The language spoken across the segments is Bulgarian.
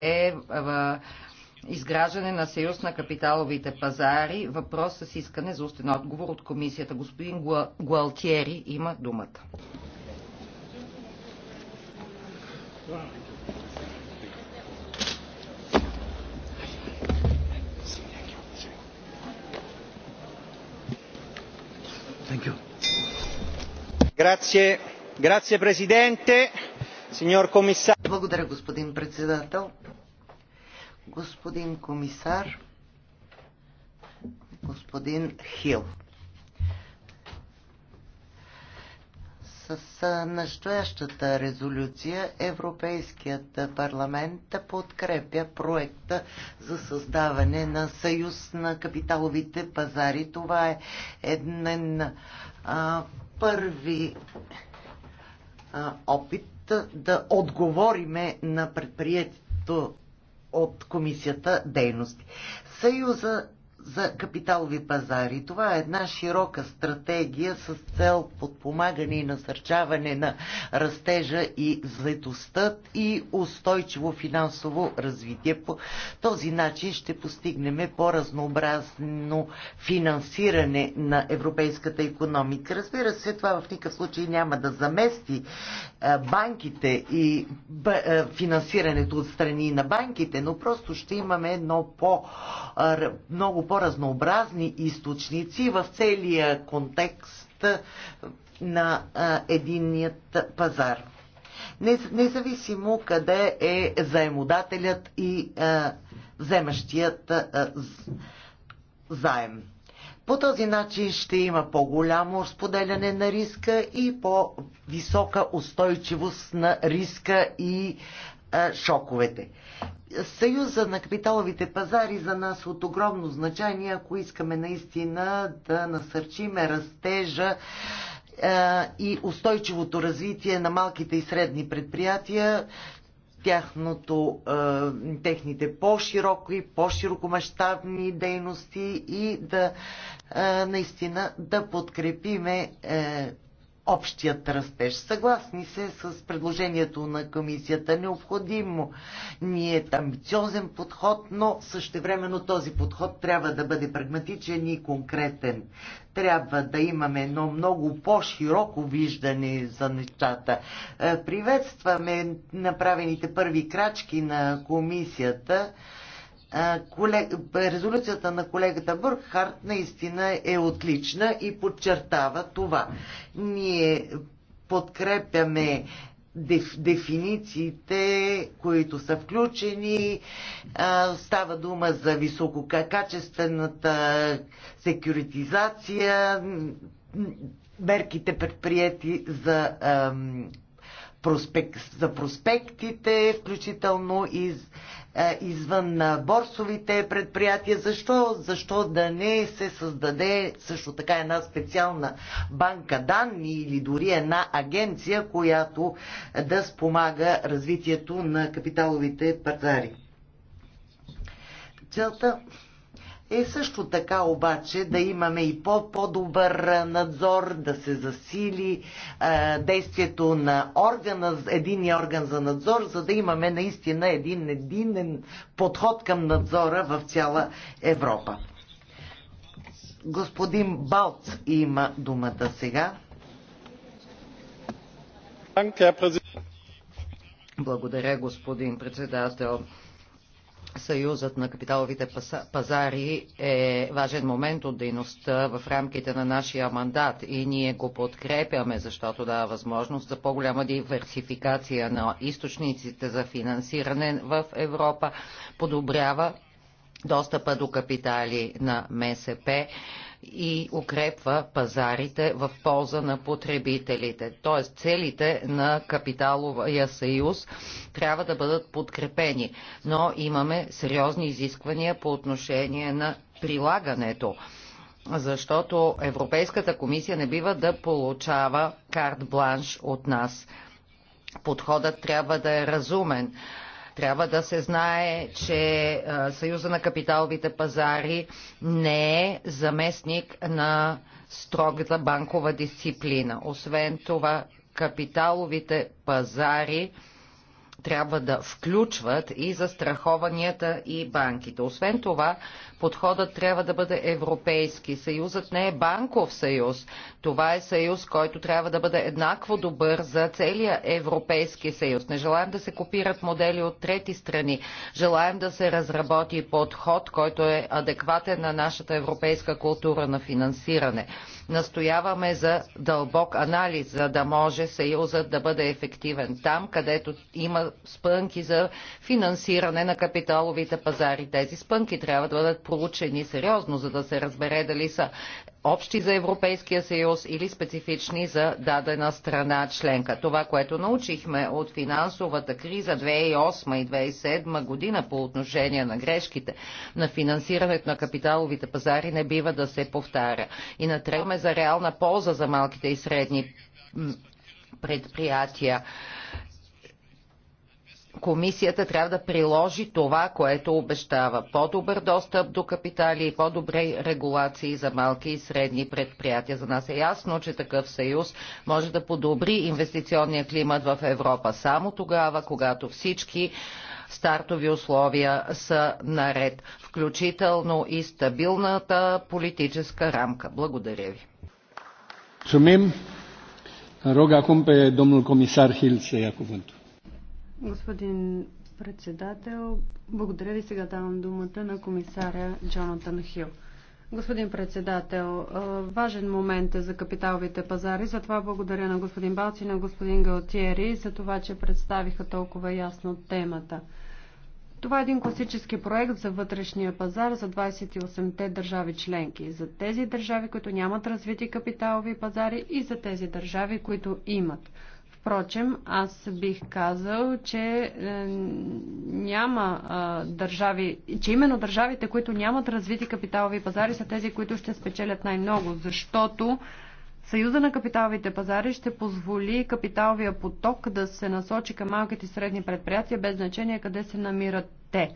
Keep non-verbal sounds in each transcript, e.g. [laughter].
Е, е в изграждане на съюз на капиталовите пазари. Въпрос с искане за устен отговор от комисията. Господин Гуалтиери има думата. Grazie, grazie Presidente, signor Commissario. Благодаря, господин председател. Господин комисар, господин Хил. С настоящата резолюция Европейският парламент подкрепя проекта за създаване на съюз на капиталовите пазари. Това е един първи а, опит да отговориме на предприятието от комисията дейности. Съюза за капиталови пазари. Това е една широка стратегия с цел подпомагане и насърчаване на растежа и заедостта и устойчиво финансово развитие. По този начин ще постигнем по-разнообразно финансиране на европейската економика. Разбира се, това в никакъв случай няма да замести е, банките и е, финансирането от страни на банките, но просто ще имаме едно по- е, много по-разнообразни източници в целия контекст на единният пазар. Независимо къде е заемодателят и вземащият заем. По този начин ще има по-голямо споделяне на риска и по-висока устойчивост на риска и шоковете. Съюза на капиталовите пазари за нас е от огромно значение, ако искаме наистина да насърчиме растежа е, и устойчивото развитие на малките и средни предприятия, тяхното, е, техните по-широки, по-широкомащабни дейности и да наистина да подкрепиме общият растеж. Съгласни се с предложението на комисията. Необходимо ни е амбициозен подход, но същевременно този подход трябва да бъде прагматичен и конкретен. Трябва да имаме едно много по-широко виждане за нещата. Е, приветстваме направените първи крачки на комисията резолюцията на колегата Бъркхарт наистина е отлична и подчертава това. Ние подкрепяме дефинициите, които са включени. Става дума за висококачествената секюритизация, мерките предприяти за, проспект, за проспектите, включително и е, извън борсовите предприятия. Защо? Защо да не се създаде също така една специална банка данни или дори една агенция, която да спомага развитието на капиталовите пазари? Целта е също така обаче да имаме и по-добър -по надзор, да се засили е, действието на органа, един орган за надзор, за да имаме наистина един единен подход към надзора в цяла Европа. Господин Балц има думата сега. Благодаря, господин председател. Съюзът на капиталовите пазари е важен момент от дейността в рамките на нашия мандат и ние го подкрепяме, защото дава възможност за по-голяма диверсификация на източниците за финансиране в Европа, подобрява достъпа до капитали на МСП и укрепва пазарите в полза на потребителите. Тоест целите на капиталовия съюз трябва да бъдат подкрепени, но имаме сериозни изисквания по отношение на прилагането защото Европейската комисия не бива да получава карт бланш от нас. Подходът трябва да е разумен. Трябва да се знае, че Съюза на капиталовите пазари не е заместник на строгата банкова дисциплина. Освен това, капиталовите пазари трябва да включват и застрахованията и банките. Освен това, Подходът трябва да бъде европейски. Съюзът не е банков съюз. Това е съюз, който трябва да бъде еднакво добър за целия Европейски съюз. Не желаем да се копират модели от трети страни. Желаем да се разработи подход, който е адекватен на нашата европейска култура на финансиране. Настояваме за дълбок анализ, за да може съюзът да бъде ефективен там, където има спънки за финансиране на капиталовите пазари. Тези спънки трябва да бъдат проучени сериозно, за да се разбере дали са общи за Европейския съюз или специфични за дадена страна членка. Това, което научихме от финансовата криза 2008 и 2007 година по отношение на грешките на финансирането на капиталовите пазари не бива да се повтаря. И натребваме за реална полза за малките и средни предприятия комисията трябва да приложи това, което обещава. По-добър достъп до капитали и по-добре регулации за малки и средни предприятия. За нас е ясно, че такъв съюз може да подобри инвестиционния климат в Европа само тогава, когато всички стартови условия са наред, включително и стабилната политическа рамка. Благодаря ви. Шумим. Рога acum pe domnul comisar Господин председател, благодаря ви. Сега давам думата на комисаря Джонатан Хил. Господин председател, важен момент е за капиталовите пазари, затова благодаря на господин Балци и на господин Галтиери за това, че представиха толкова ясно темата. Това е един класически проект за вътрешния пазар за 28-те държави членки, за тези държави, които нямат развити капиталови пазари и за тези държави, които имат. Впрочем, аз бих казал, че е, няма е, държави, че именно държавите, които нямат развити капиталови пазари, са тези, които ще спечелят най-много, защото Съюза на капиталовите пазари ще позволи капиталовия поток да се насочи към малките и средни предприятия, без значение къде се намират те.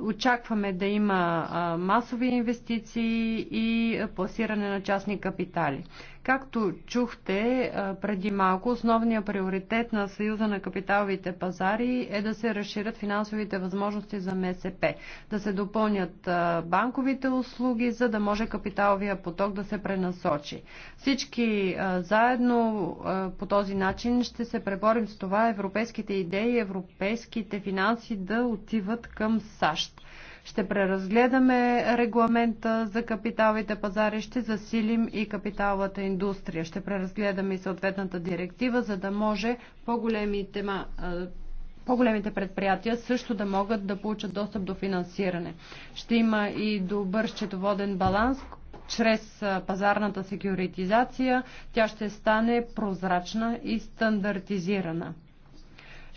Очакваме да има масови инвестиции и пласиране на частни капитали. Както чухте преди малко, основният приоритет на Съюза на капиталовите пазари е да се разширят финансовите възможности за МСП, да се допълнят банковите услуги, за да може капиталовия поток да се пренасочи. Всички заедно по този начин ще се преборим с това европейските идеи, европейските финанси да отиват към САЩ. Ще преразгледаме регламента за капиталите пазари, ще засилим и капиталата индустрия. Ще преразгледаме и съответната директива, за да може по-големите по-големите предприятия също да могат да получат достъп до финансиране. Ще има и добър счетоводен баланс чрез пазарната секюритизация. Тя ще стане прозрачна и стандартизирана.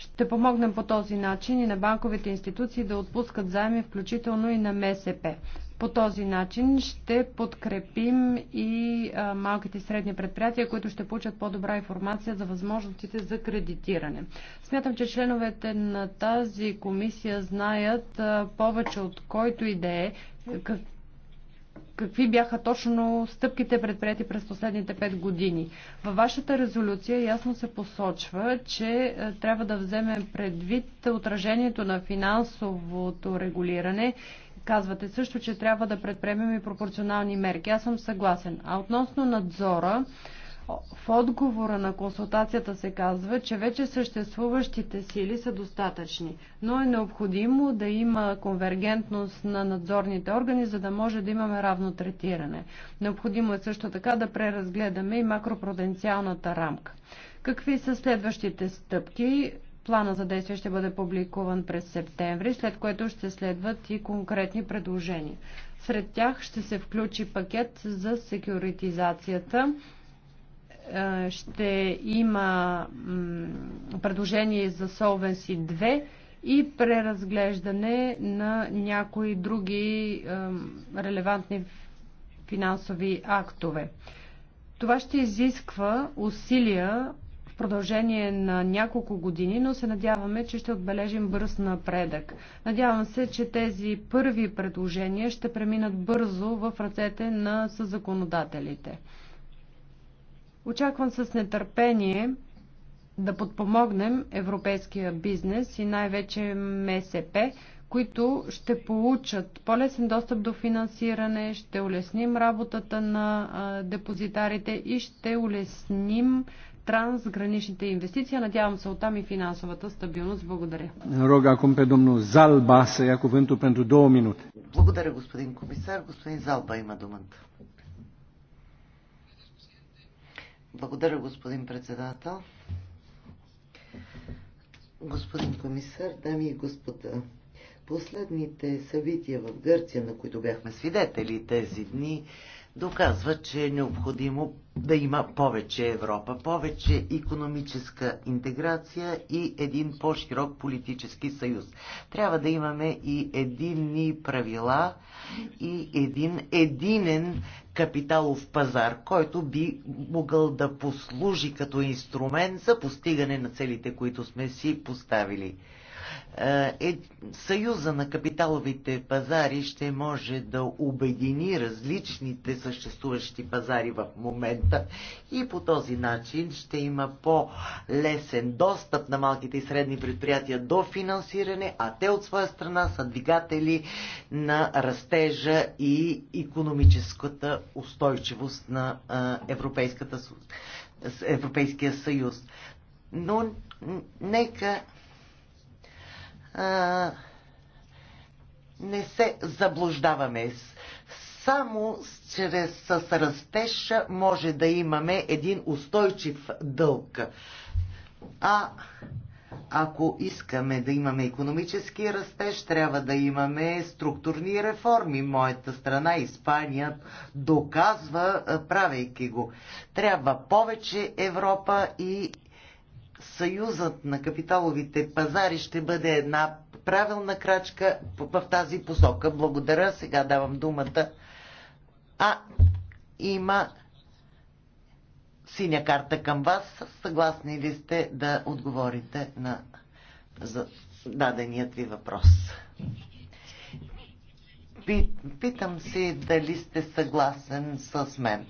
Ще помогнем по този начин и на банковите институции да отпускат заеми, включително и на МСП. По този начин ще подкрепим и малките и средни предприятия, които ще получат по-добра информация за възможностите за кредитиране. Смятам, че членовете на тази комисия знаят повече от който и да е какви бяха точно стъпките предприяти през последните 5 години. Във вашата резолюция ясно се посочва, че е, трябва да вземе предвид отражението на финансовото регулиране. Казвате също, че трябва да предприемем и пропорционални мерки. Аз съм съгласен. А относно надзора, в отговора на консултацията се казва, че вече съществуващите сили са достатъчни, но е необходимо да има конвергентност на надзорните органи, за да може да имаме равно третиране. Необходимо е също така да преразгледаме и макропруденциалната рамка. Какви са следващите стъпки? Плана за действие ще бъде публикуван през септември, след което ще следват и конкретни предложения. Сред тях ще се включи пакет за секюритизацията е, ще има предложение за Solvency 2 и преразглеждане на някои други е, релевантни финансови актове. Това ще изисква усилия в продължение на няколко години, но се надяваме, че ще отбележим бърз напредък. Надявам се, че тези първи предложения ще преминат бързо в ръцете на съзаконодателите. Очаквам с нетърпение да подпомогнем европейския бизнес и най-вече МСП, които ще получат по-лесен достъп до финансиране, ще улесним работата на депозитарите и ще улесним трансграничните инвестиции. Надявам се оттам и финансовата стабилност. Благодаря. Рога acum pe domnul Залба să ia cuvântul pentru două Благодаря, господин комисар. Господин Залба има думата. Благодаря, господин председател. Господин комисар, дами и господа, последните събития в Гърция, на които бяхме свидетели тези дни, доказва, че е необходимо да има повече Европа, повече економическа интеграция и един по-широк политически съюз. Трябва да имаме и единни правила и един единен капиталов пазар, който би могъл да послужи като инструмент за постигане на целите, които сме си поставили. Е, е, Съюза на капиталовите пазари ще може да обедини различните съществуващи пазари в момента и по този начин ще има по-лесен достъп на малките и средни предприятия до финансиране, а те от своя страна са двигатели на растежа и економическата устойчивост на е, Европейския съюз. Но нека не се заблуждаваме. Само чрез с растеж може да имаме един устойчив дълг. А ако искаме да имаме економически растеж, трябва да имаме структурни реформи. Моята страна, Испания, доказва, правейки го. Трябва повече Европа и съюзът на капиталовите пазари ще бъде една правилна крачка в тази посока. Благодаря. Сега давам думата. А, има синя карта към вас. Съгласни ли сте да отговорите на за даденият ви въпрос? Питам се дали сте съгласен с мен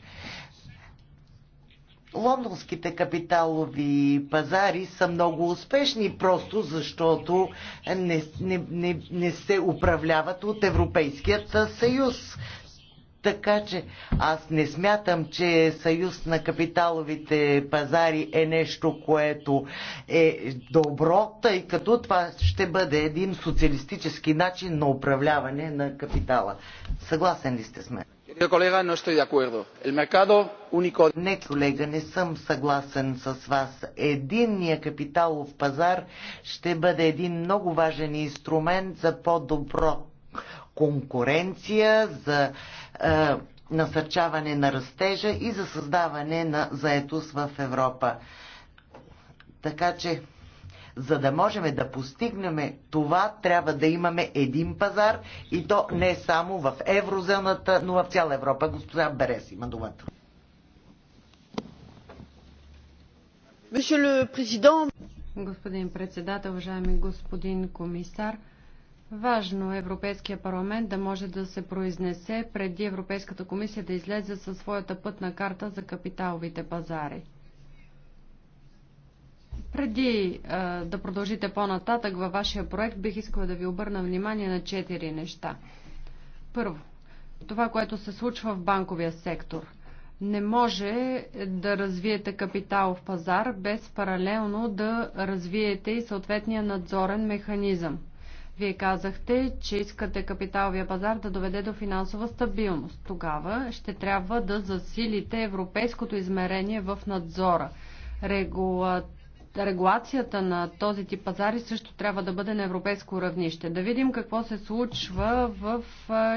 лондонските капиталови пазари са много успешни, просто защото не, не, не, не се управляват от Европейският съюз. Така че аз не смятам, че съюз на капиталовите пазари е нещо, което е добро, тъй като това ще бъде един социалистически начин на управляване на капитала. Съгласен ли сте с мен? Не, колега, не съм съгласен с вас. Единният капиталов пазар ще бъде един много важен инструмент за по-добро конкуренция, за е, насърчаване на растежа и за създаване на заетост в Европа. Така че за да можем да постигнем това, трябва да имаме един пазар и то не само в еврозоната, но в цяла Европа. Господа Берес има думата. Господин председател, уважаеми господин комисар, Важно е Европейския парламент да може да се произнесе преди Европейската комисия да излезе със своята пътна карта за капиталовите пазари. Преди а, да продължите по-нататък във вашия проект, бих искала да ви обърна внимание на четири неща. Първо, това, което се случва в банковия сектор. Не може да развиете капитал в пазар без паралелно да развиете и съответния надзорен механизъм. Вие казахте, че искате капиталовия пазар да доведе до финансова стабилност. Тогава ще трябва да засилите европейското измерение в надзора. Регулат регулацията на този тип пазари също трябва да бъде на европейско равнище. Да видим какво се случва в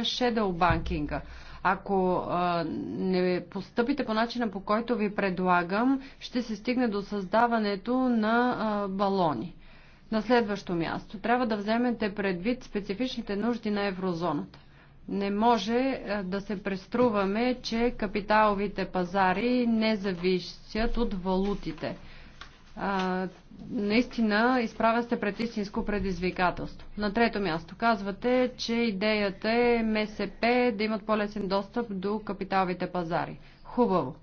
шедъл банкинга. Ако а, не постъпите по начина по който ви предлагам, ще се стигне до създаването на а, балони. На следващо място трябва да вземете предвид специфичните нужди на еврозоната. Не може да се преструваме, че капиталовите пазари не зависят от валутите а, наистина изправя сте пред истинско предизвикателство. На трето място казвате, че идеята е МСП да имат по-лесен достъп до капиталовите пазари. Хубаво.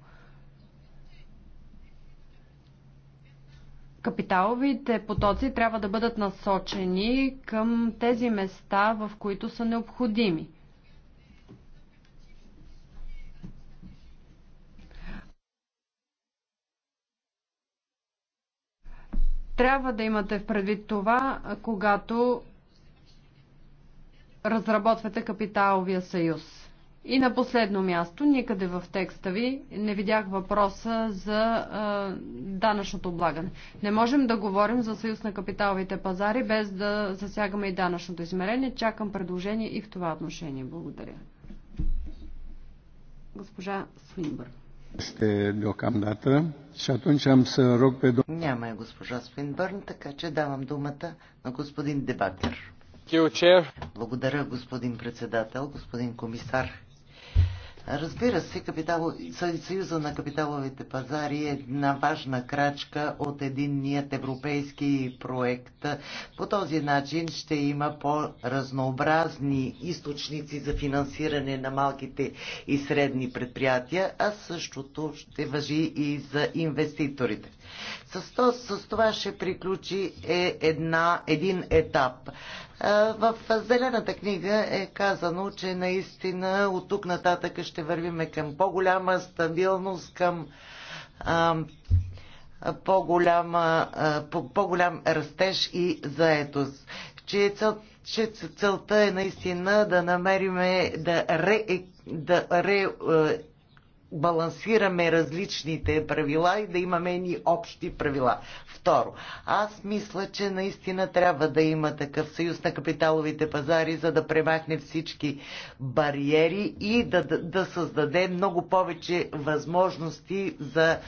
Капиталовите потоци трябва да бъдат насочени към тези места, в които са необходими – Трябва да имате в предвид това, когато разработвате капиталовия съюз. И на последно място, никъде в текста ви не видях въпроса за а, данъчното облагане. Не можем да говорим за съюз на капиталовите пазари без да засягаме и данъчното измерение. Чакам предложение и в това отношение. Благодаря. Госпожа Свинбърн. Este deocamdată. Și atunci am să rog pe domnul... Няма е госпожа Свинбърн, така че давам думата на господин Дебакер. Благодаря, господин председател, господин комисар. Разбира се, капитал... Съюза на капиталовите пазари е една важна крачка от единният европейски проект. По този начин ще има по-разнообразни източници за финансиране на малките и средни предприятия, а същото ще въжи и за инвеститорите. С, то, с това ще приключи е една, един етап. В Зелената книга е казано, че наистина от тук нататък ще вървиме към по-голяма стабилност, към по-голяма, по-голям растеж и заетост. Че, е цел, че целта е наистина да намериме да, ре, да ре, балансираме различните правила и да имаме ни общи правила. Второ, аз мисля, че наистина трябва да има такъв съюз на капиталовите пазари, за да премахне всички бариери и да, да, да създаде много повече възможности за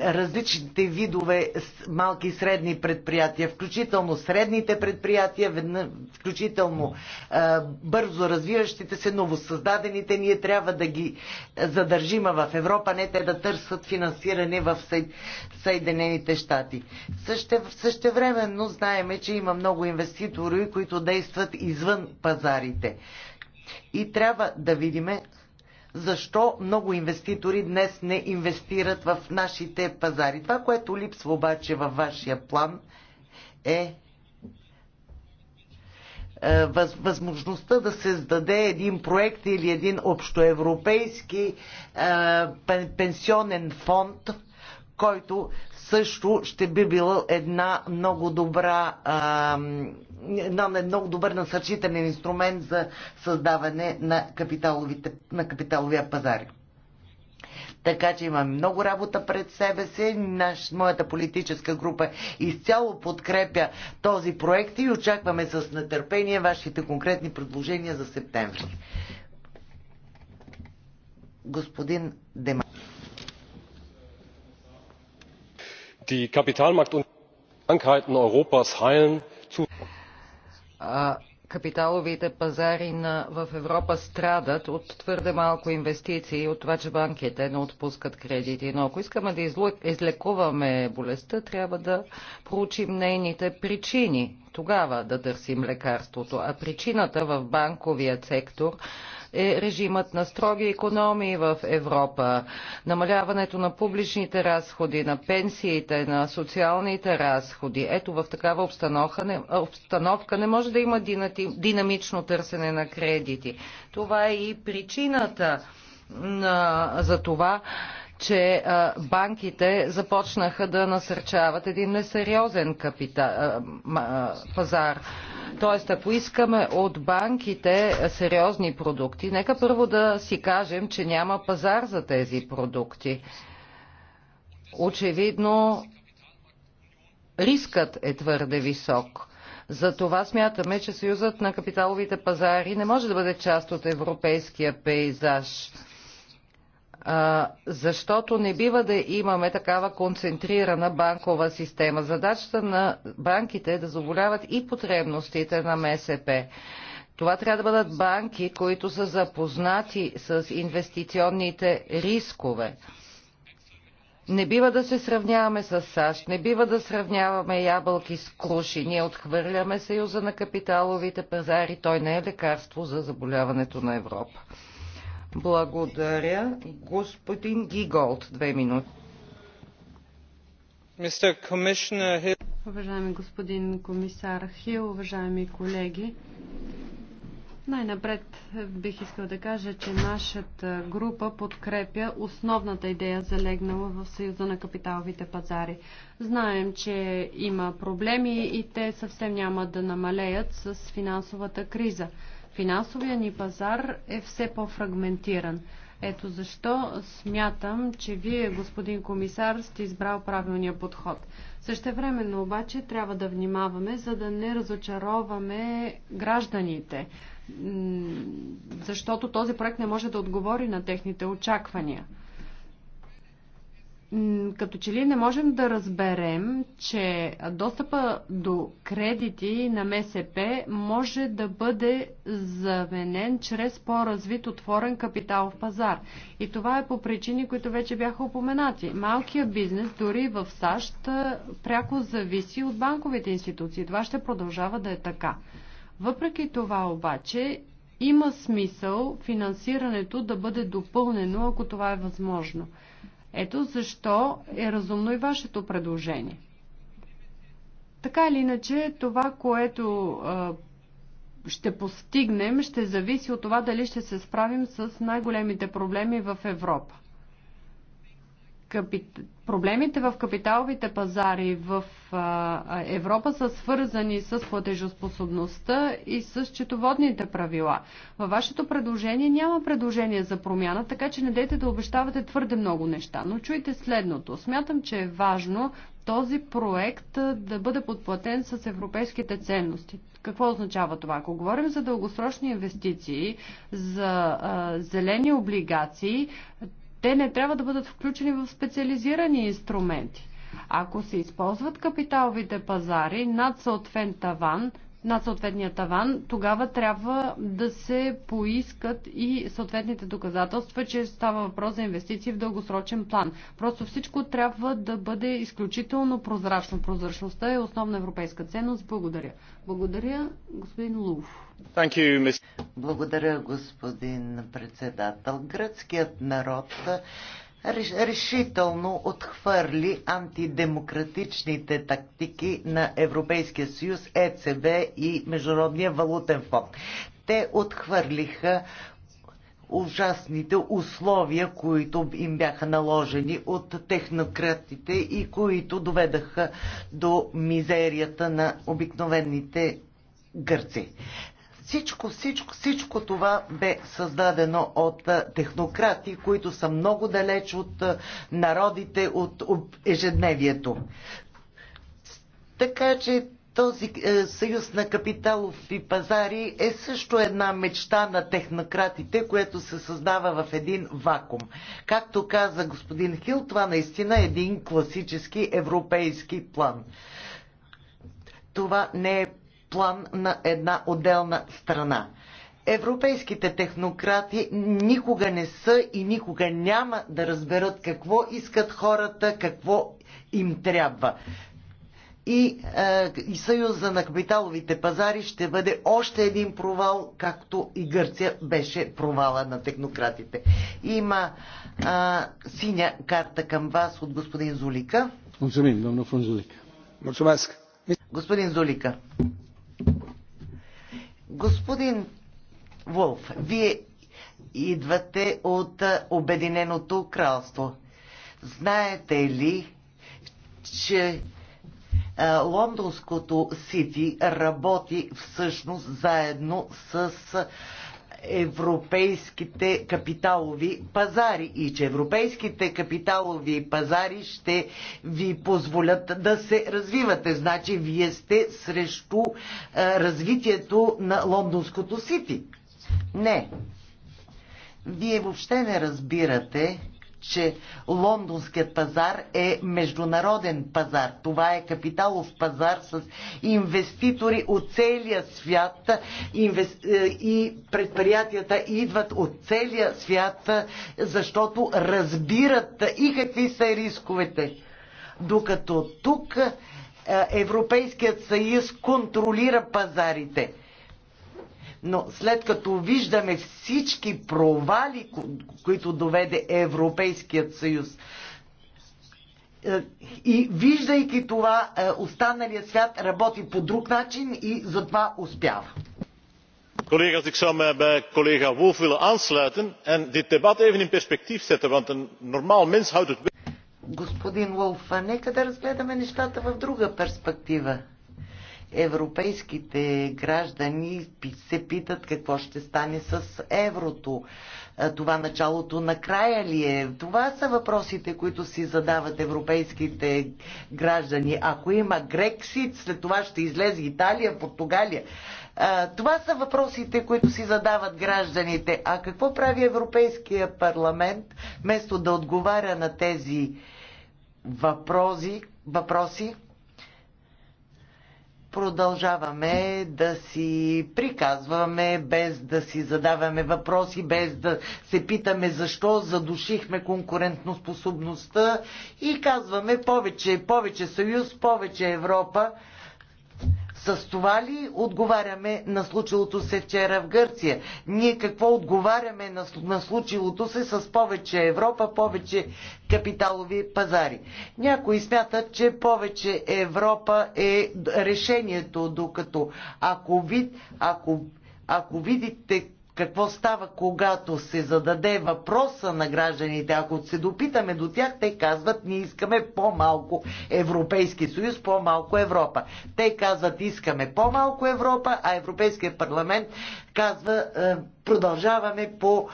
различните видове малки и средни предприятия, включително средните предприятия, включително бързо развиващите се, новосъздадените, ние трябва да ги задържим в Европа, не те да търсят финансиране в Съединените щати. Същевременно знаеме, че има много инвеститори, които действат извън пазарите. И трябва да видиме защо много инвеститори днес не инвестират в нашите пазари. Това, което липсва обаче във вашия план е, е възможността да се сдаде един проект или един общоевропейски е, пенсионен фонд, който също ще би била една много добра една много добър насърчителен инструмент за създаване на, капиталовите, на капиталовия пазар. Така че имам много работа пред себе си. Наш, моята политическа група изцяло подкрепя този проект и очакваме с нетърпение вашите конкретни предложения за септември. Господин Демар. die kapitalmarkt krankheiten europas heilen капиталовите пазари на, в Европа страдат от твърде малко инвестиции, от това, че банките не отпускат кредити. Но ако искаме да излекуваме болестта, трябва да проучим нейните причини. Тогава да търсим лекарството. А причината в банковия сектор е режимът на строги економии в Европа. Намаляването на публичните разходи, на пенсиите, на социалните разходи. Ето в такава обстановка не, обстановка не може да има динамично търсене на кредити. Това е и причината на, за това, че банките започнаха да насърчават един несериозен пазар. Тоест, ако искаме от банките сериозни продукти, нека първо да си кажем, че няма пазар за тези продукти. Очевидно, рискът е твърде висок. Затова смятаме, че Съюзът на капиталовите пазари не може да бъде част от европейския пейзаж защото не бива да имаме такава концентрирана банкова система. Задачата на банките е да заболяват и потребностите на МСП. Това трябва да бъдат банки, които са запознати с инвестиционните рискове. Не бива да се сравняваме с САЩ, не бива да сравняваме ябълки с круши. Ние отхвърляме Съюза на капиталовите пазари. Той не е лекарство за заболяването на Европа. Благодаря. Господин Гиголд, две минути. Уважаеми господин комисар Хил, уважаеми колеги, най-напред бих искал да кажа, че нашата група подкрепя основната идея, залегнала в Съюза на капиталовите пазари. Знаем, че има проблеми и те съвсем няма да намалеят с финансовата криза. Финансовия ни пазар е все по-фрагментиран. Ето защо смятам, че вие, господин комисар, сте избрал правилния подход. Същевременно обаче трябва да внимаваме, за да не разочароваме гражданите, защото този проект не може да отговори на техните очаквания като че ли не можем да разберем, че достъпа до кредити на МСП може да бъде заменен чрез по-развит отворен капитал в пазар. И това е по причини, които вече бяха упоменати. Малкия бизнес дори в САЩ пряко зависи от банковите институции. Това ще продължава да е така. Въпреки това обаче има смисъл финансирането да бъде допълнено, ако това е възможно. Ето защо е разумно и вашето предложение. Така или иначе, това, което а, ще постигнем, ще зависи от това дали ще се справим с най-големите проблеми в Европа капит... проблемите в капиталовите пазари в а, Европа са свързани с платежоспособността и с четоводните правила. Във вашето предложение няма предложение за промяна, така че не дейте да обещавате твърде много неща. Но чуйте следното. Смятам, че е важно този проект да бъде подплатен с европейските ценности. Какво означава това? Ако говорим за дългосрочни инвестиции, за а, зелени облигации, те не трябва да бъдат включени в специализирани инструменти. Ако се използват капиталовите пазари над съответен таван, над съответния таван, тогава трябва да се поискат и съответните доказателства, че става въпрос за инвестиции в дългосрочен план. Просто всичко трябва да бъде изключително прозрачно. Прозрачността е основна европейска ценност. Благодаря. Благодаря, господин Лув. Благодаря, господин председател. Гръцкият народ решително отхвърли антидемократичните тактики на Европейския съюз, ЕЦБ и Международния валутен фонд. Те отхвърлиха ужасните условия, които им бяха наложени от технократите и които доведаха до мизерията на обикновените гърци. Всичко, всичко, всичко това бе създадено от технократи, които са много далеч от народите, от ежедневието. Така че този е, съюз на капиталов и пазари е също една мечта на технократите, което се създава в един вакуум. Както каза господин Хил, това наистина е един класически европейски план. Това не е план на една отделна страна. Европейските технократи никога не са и никога няма да разберат какво искат хората, какво им трябва. И, е, и Съюза на капиталовите пазари ще бъде още един провал, както и Гърция беше провала на технократите. Има е, синя карта към вас от господин Зулика. Господин Зулика. Господин Зулика. Господин Волф, вие идвате от Обединеното кралство. Знаете ли, че Лондонското Сити работи всъщност заедно с европейските капиталови пазари и че европейските капиталови пазари ще ви позволят да се развивате. Значи вие сте срещу е, развитието на лондонското сити. Не. Вие въобще не разбирате че лондонският пазар е международен пазар. Това е капиталов пазар с инвеститори от целия свят е, и предприятията идват от целия свят, защото разбират и какви са рисковете. Докато тук е, Европейският съюз контролира пазарите – но след като виждаме всички провали, които доведе Европейският съюз, е, и виждайки това, е, останалият свят работи по друг начин и затова успява. Collega's, ik zou mij bij collega Wolf willen aansluiten en dit debat even in perspectief zetten, want een normaal mens houdt het. Господин Wolf, нека да разгледаме нещата в друга перспектива европейските граждани се питат какво ще стане с еврото. Това началото на края ли е? Това са въпросите, които си задават европейските граждани. Ако има Грексит, след това ще излезе Италия, Португалия. Това са въпросите, които си задават гражданите. А какво прави Европейския парламент, вместо да отговаря на тези въпроси, въпроси продължаваме да си приказваме, без да си задаваме въпроси, без да се питаме защо задушихме конкурентноспособността и казваме повече, повече съюз, повече Европа. С това ли отговаряме на случилото се вчера в Гърция? Ние какво отговаряме на, на случилото се с повече Европа, повече капиталови пазари? Някои смятат, че повече Европа е решението, докато ако, вид, ако, ако видите какво става, когато се зададе въпроса на гражданите, ако се допитаме до тях, те казват, ние искаме по-малко Европейски съюз, по-малко Европа. Те казват, искаме по-малко Европа, а Европейския парламент казва, е, продължаваме по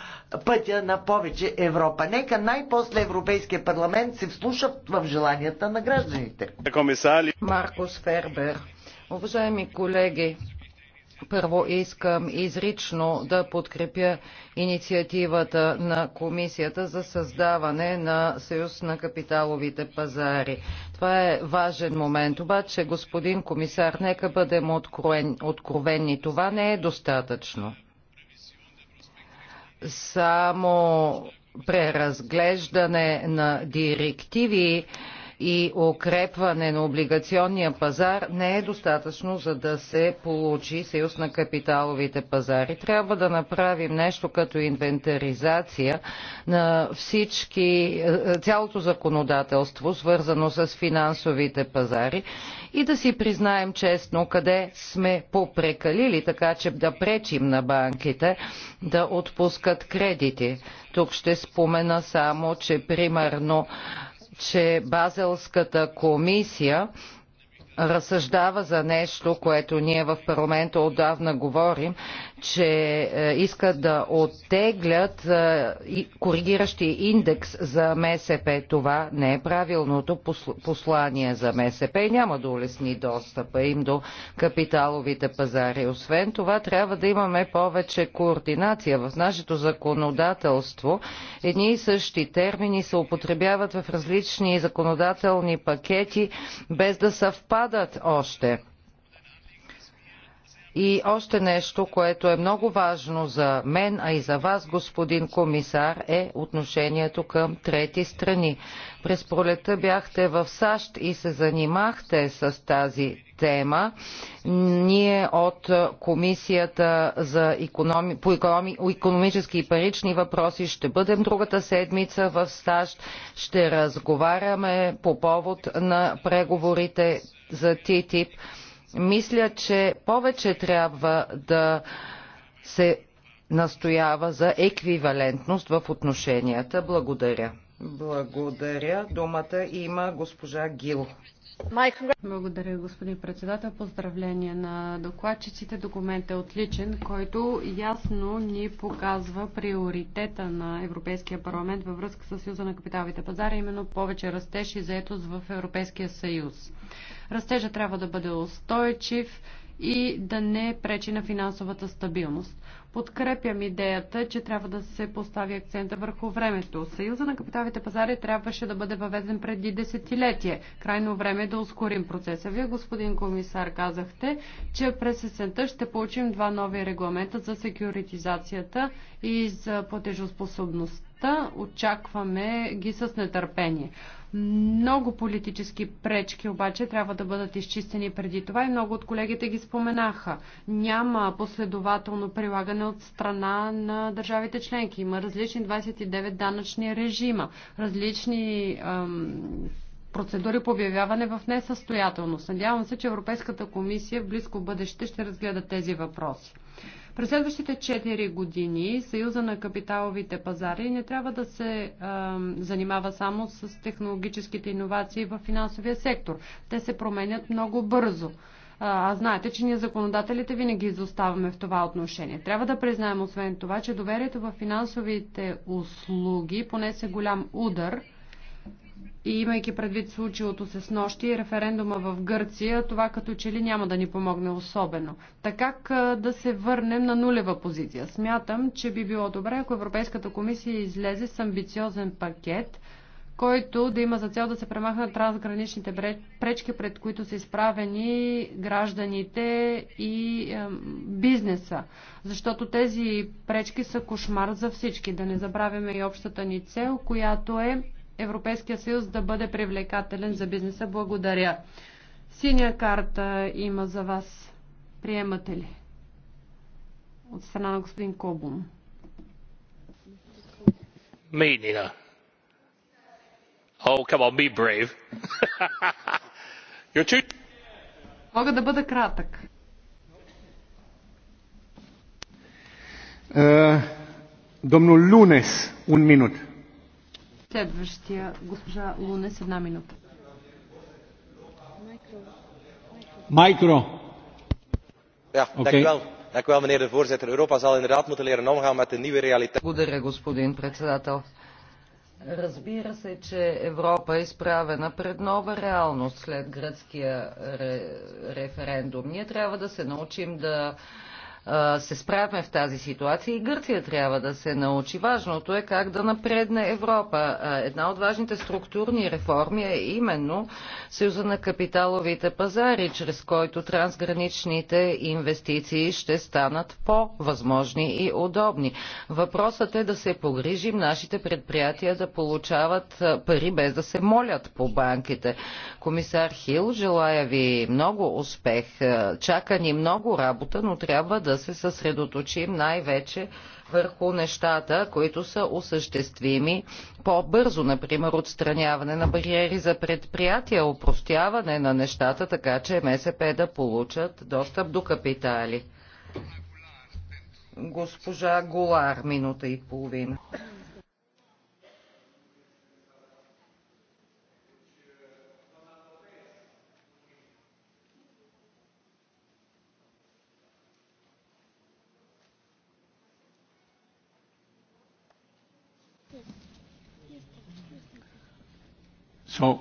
пътя на повече Европа. Нека най-после Европейския парламент се вслуша в желанията на гражданите. Маркус Фербер. Уважаеми колеги, първо искам изрично да подкрепя инициативата на Комисията за създаване на Съюз на капиталовите пазари. Това е важен момент. Обаче, господин комисар, нека бъдем откровени. Това не е достатъчно. Само преразглеждане на директиви и укрепване на облигационния пазар не е достатъчно, за да се получи съюз на капиталовите пазари. Трябва да направим нещо като инвентаризация на всички, е, цялото законодателство, свързано с финансовите пазари и да си признаем честно къде сме попрекалили, така че да пречим на банките да отпускат кредити. Тук ще спомена само, че примерно че Базелската комисия разсъждава за нещо, което ние в парламента отдавна говорим, че е, искат да оттеглят е, коригиращи индекс за МСП. Това не е правилното послание за МСП и няма да улесни достъпа им до капиталовите пазари. Освен това, трябва да имаме повече координация. В нашето законодателство едни и същи термини се употребяват в различни законодателни пакети, без да съвпадат още. И още нещо, което е много важно за мен, а и за вас, господин комисар, е отношението към трети страни. През пролета бяхте в САЩ и се занимахте с тази тема. Ние от Комисията за економи... по економи... економически и парични въпроси ще бъдем другата седмица в САЩ. Ще разговаряме по повод на преговорите за ТИТИП. Мисля, че повече трябва да се настоява за еквивалентност в отношенията. Благодаря. Благодаря. Думата има госпожа Гил. Благодаря, господин председател. Поздравление на докладчиците. Документ е отличен, който ясно ни показва приоритета на Европейския парламент във връзка с Съюза на капиталовите пазари, именно повече растеж и заетост в Европейския съюз. Растежа трябва да бъде устойчив и да не пречи на финансовата стабилност. Подкрепям идеята, че трябва да се постави акцента върху времето. Съюза на капиталите пазари трябваше да бъде въведен преди десетилетие. Крайно време е да ускорим процеса. Вие, господин комисар, казахте, че през есента ще получим два нови регламента за секюритизацията и за платежоспособността. Очакваме ги с нетърпение. Много политически пречки обаче трябва да бъдат изчистени преди това и много от колегите ги споменаха. Няма последователно прилагане от страна на държавите членки. Има различни 29 данъчни режима, различни процедури по обявяване в несъстоятелност. Надявам се, че Европейската комисия в близко бъдеще ще разгледа тези въпроси. През следващите 4 години Съюза на капиталовите пазари не трябва да се а, занимава само с технологическите иновации в финансовия сектор. Те се променят много бързо. А знаете, че ние законодателите винаги изоставаме в това отношение. Трябва да признаем освен това, че доверието в финансовите услуги понесе голям удар – и имайки предвид случилото се с нощи и референдума в Гърция, това като че ли няма да ни помогне особено. Така да се върнем на нулева позиция? Смятам, че би било добре, ако Европейската комисия излезе с амбициозен пакет, който да има за цел да се премахнат трансграничните пречки, пред които са изправени гражданите и е, бизнеса. Защото тези пречки са кошмар за всички. Да не забравяме и общата ни цел, която е Европейския съюз да бъде привлекателен за бизнеса. Благодаря. Синя карта има за вас. Приемате ли? От страна на господин Кобум. Me, Nina. Oh, come on, be brave. [laughs] You're too... Мога да бъда кратък. Uh, domnul Lunes, un minut Следващия госпожа Лунес, една минута. Micro. Ja, okay. meneer de voorzitter. Europa zal inderdaad moeten leren omgaan met de nieuwe realiteit. Благодаря, господин председател. Разбира се, че Европа е изправена пред нова реалност след гръцкия ре... референдум. Ние трябва да се научим да се справяме в тази ситуация и Гърция трябва да се научи. Важното е как да напредне Европа. Една от важните структурни реформи е именно Съюза на капиталовите пазари, чрез който трансграничните инвестиции ще станат по-възможни и удобни. Въпросът е да се погрижим нашите предприятия да получават пари без да се молят по банките. Комисар Хил, желая ви много успех. Чака ни много работа, но трябва да да се съсредоточим най-вече върху нещата, които са осъществими по-бързо, например отстраняване на бариери за предприятия, упростяване на нещата, така че МСП да получат достъп до капитали. Госпожа Голар, минута и половина. So,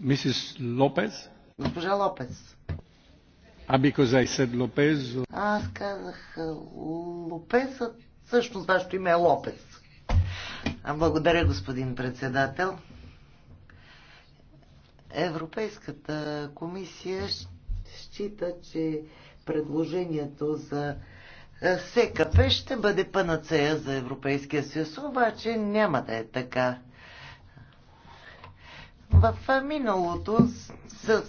Mrs. Lopez? Госпожа Лопес. А, because I said Lopez... Uh, аз казах Лопес, а всъщност вашето име е Лопес. А благодаря, господин председател. Европейската комисия счита, че предложението за е, СКП ще бъде панацея за Европейския съюз, обаче няма да е така. В миналото с,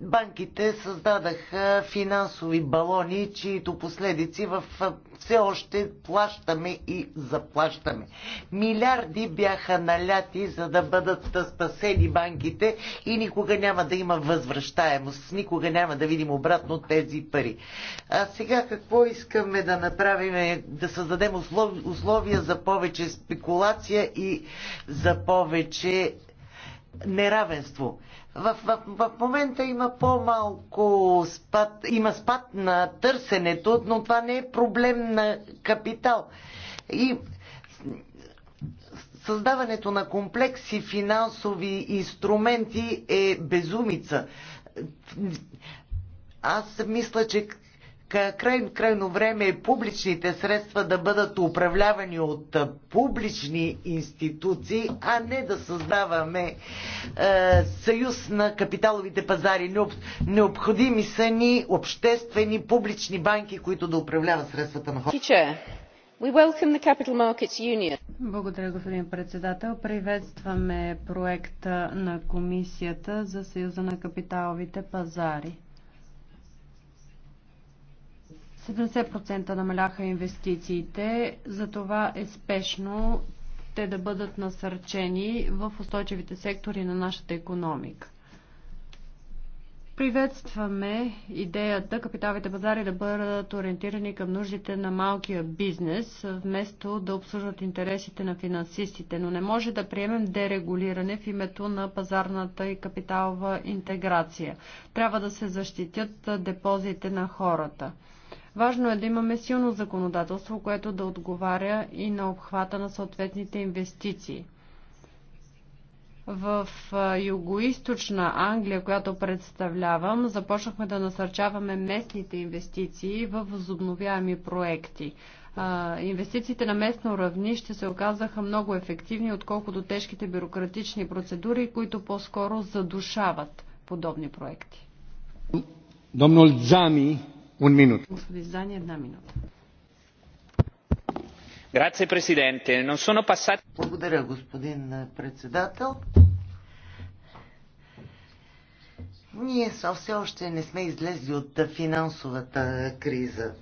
банките създадаха финансови балони, чието последици в, все още плащаме и заплащаме. Милиарди бяха наляти, за да бъдат спасени банките и никога няма да има възвръщаемост, никога няма да видим обратно тези пари. А сега какво искаме да направим? Е да създадем условия за повече спекулация и за повече неравенство. В, в, в момента има по-малко спад, има спад на търсенето, но това не е проблем на капитал. И създаването на комплекси финансови инструменти е безумица. Аз мисля, че край, крайно време е публичните средства да бъдат управлявани от публични институции, а не да създаваме е, съюз на капиталовите пазари. Необ, необходими са ни обществени публични банки, които да управляват средствата на хората. We welcome the capital markets Благодаря, господин председател. Приветстваме проекта на комисията за Съюза на капиталовите пазари. 70% намаляха инвестициите, затова е спешно те да бъдат насърчени в устойчивите сектори на нашата економика. Приветстваме идеята капиталовите пазари да бъдат ориентирани към нуждите на малкия бизнес, вместо да обслужват интересите на финансистите, но не може да приемем дерегулиране в името на пазарната и капиталова интеграция. Трябва да се защитят депозите на хората. Важно е да имаме силно законодателство, което да отговаря и на обхвата на съответните инвестиции. В югоисточна Англия, която представлявам, започнахме да насърчаваме местните инвестиции в възобновяеми проекти инвестициите на местно равнище се оказаха много ефективни, отколкото тежките бюрократични процедури, които по-скоро задушават подобни проекти. Домнул Зами благодаря, господин председател. Ние все още не сме излезли от финансовата криза.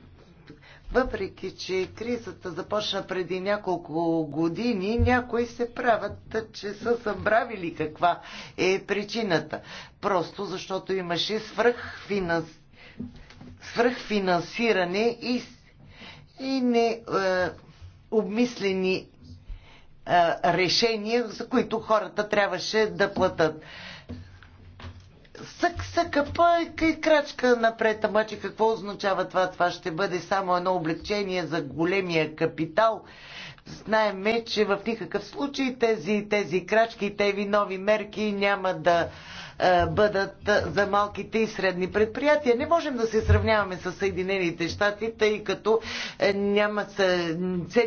Въпреки, че кризата започна преди няколко години, някои се правят, че са забравили каква е причината. Просто защото имаше свръх свръхфинансиране и, и не е, обмислени е, решения, за които хората трябваше да платат. Сък, съкъпа и крачка напред, ама че какво означава това? Това ще бъде само едно облегчение за големия капитал. Знаеме, че в никакъв случай тези, тези крачки, тези нови мерки няма да е, бъдат е, за малките и средни предприятия. Не можем да се сравняваме с Съединените щати, тъй като е, няма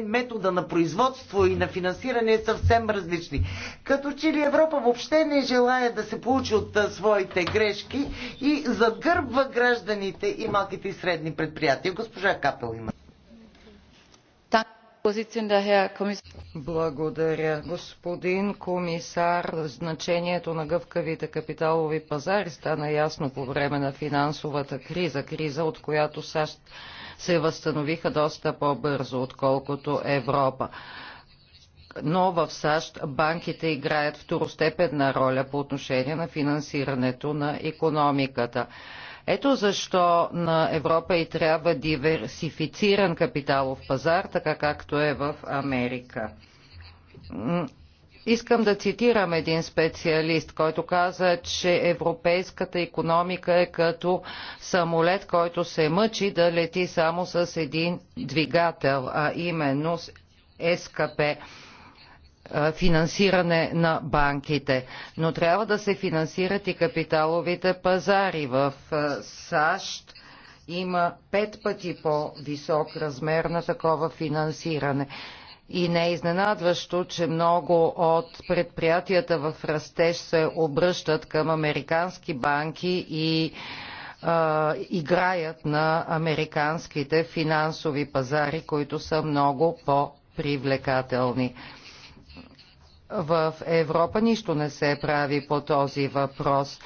метода на производство и на финансиране е съвсем различни. Като че ли Европа въобще не желая да се получи от своите грешки и загърбва гражданите и малките и средни предприятия. Госпожа Капел има. Благодаря, господин комисар. Значението на гъвкавите капиталови пазари стана ясно по време на финансовата криза, криза от която САЩ се възстановиха доста по-бързо, отколкото Европа но в САЩ банките играят второстепенна роля по отношение на финансирането на економиката. Ето защо на Европа и трябва диверсифициран капиталов пазар, така както е в Америка. Искам да цитирам един специалист, който каза, че европейската економика е като самолет, който се мъчи да лети само с един двигател, а именно с СКП финансиране на банките. Но трябва да се финансират и капиталовите пазари. В САЩ има пет пъти по-висок размер на такова финансиране. И не е изненадващо, че много от предприятията в растеж се обръщат към американски банки и а, играят на американските финансови пазари, които са много по-привлекателни в Европа нищо не се прави по този въпрос.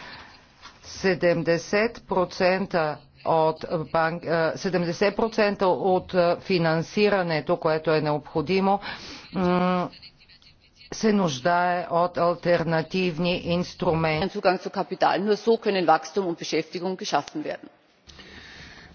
70% от, банк, 70% от финансирането, което е необходимо, се нуждае от альтернативни инструменти.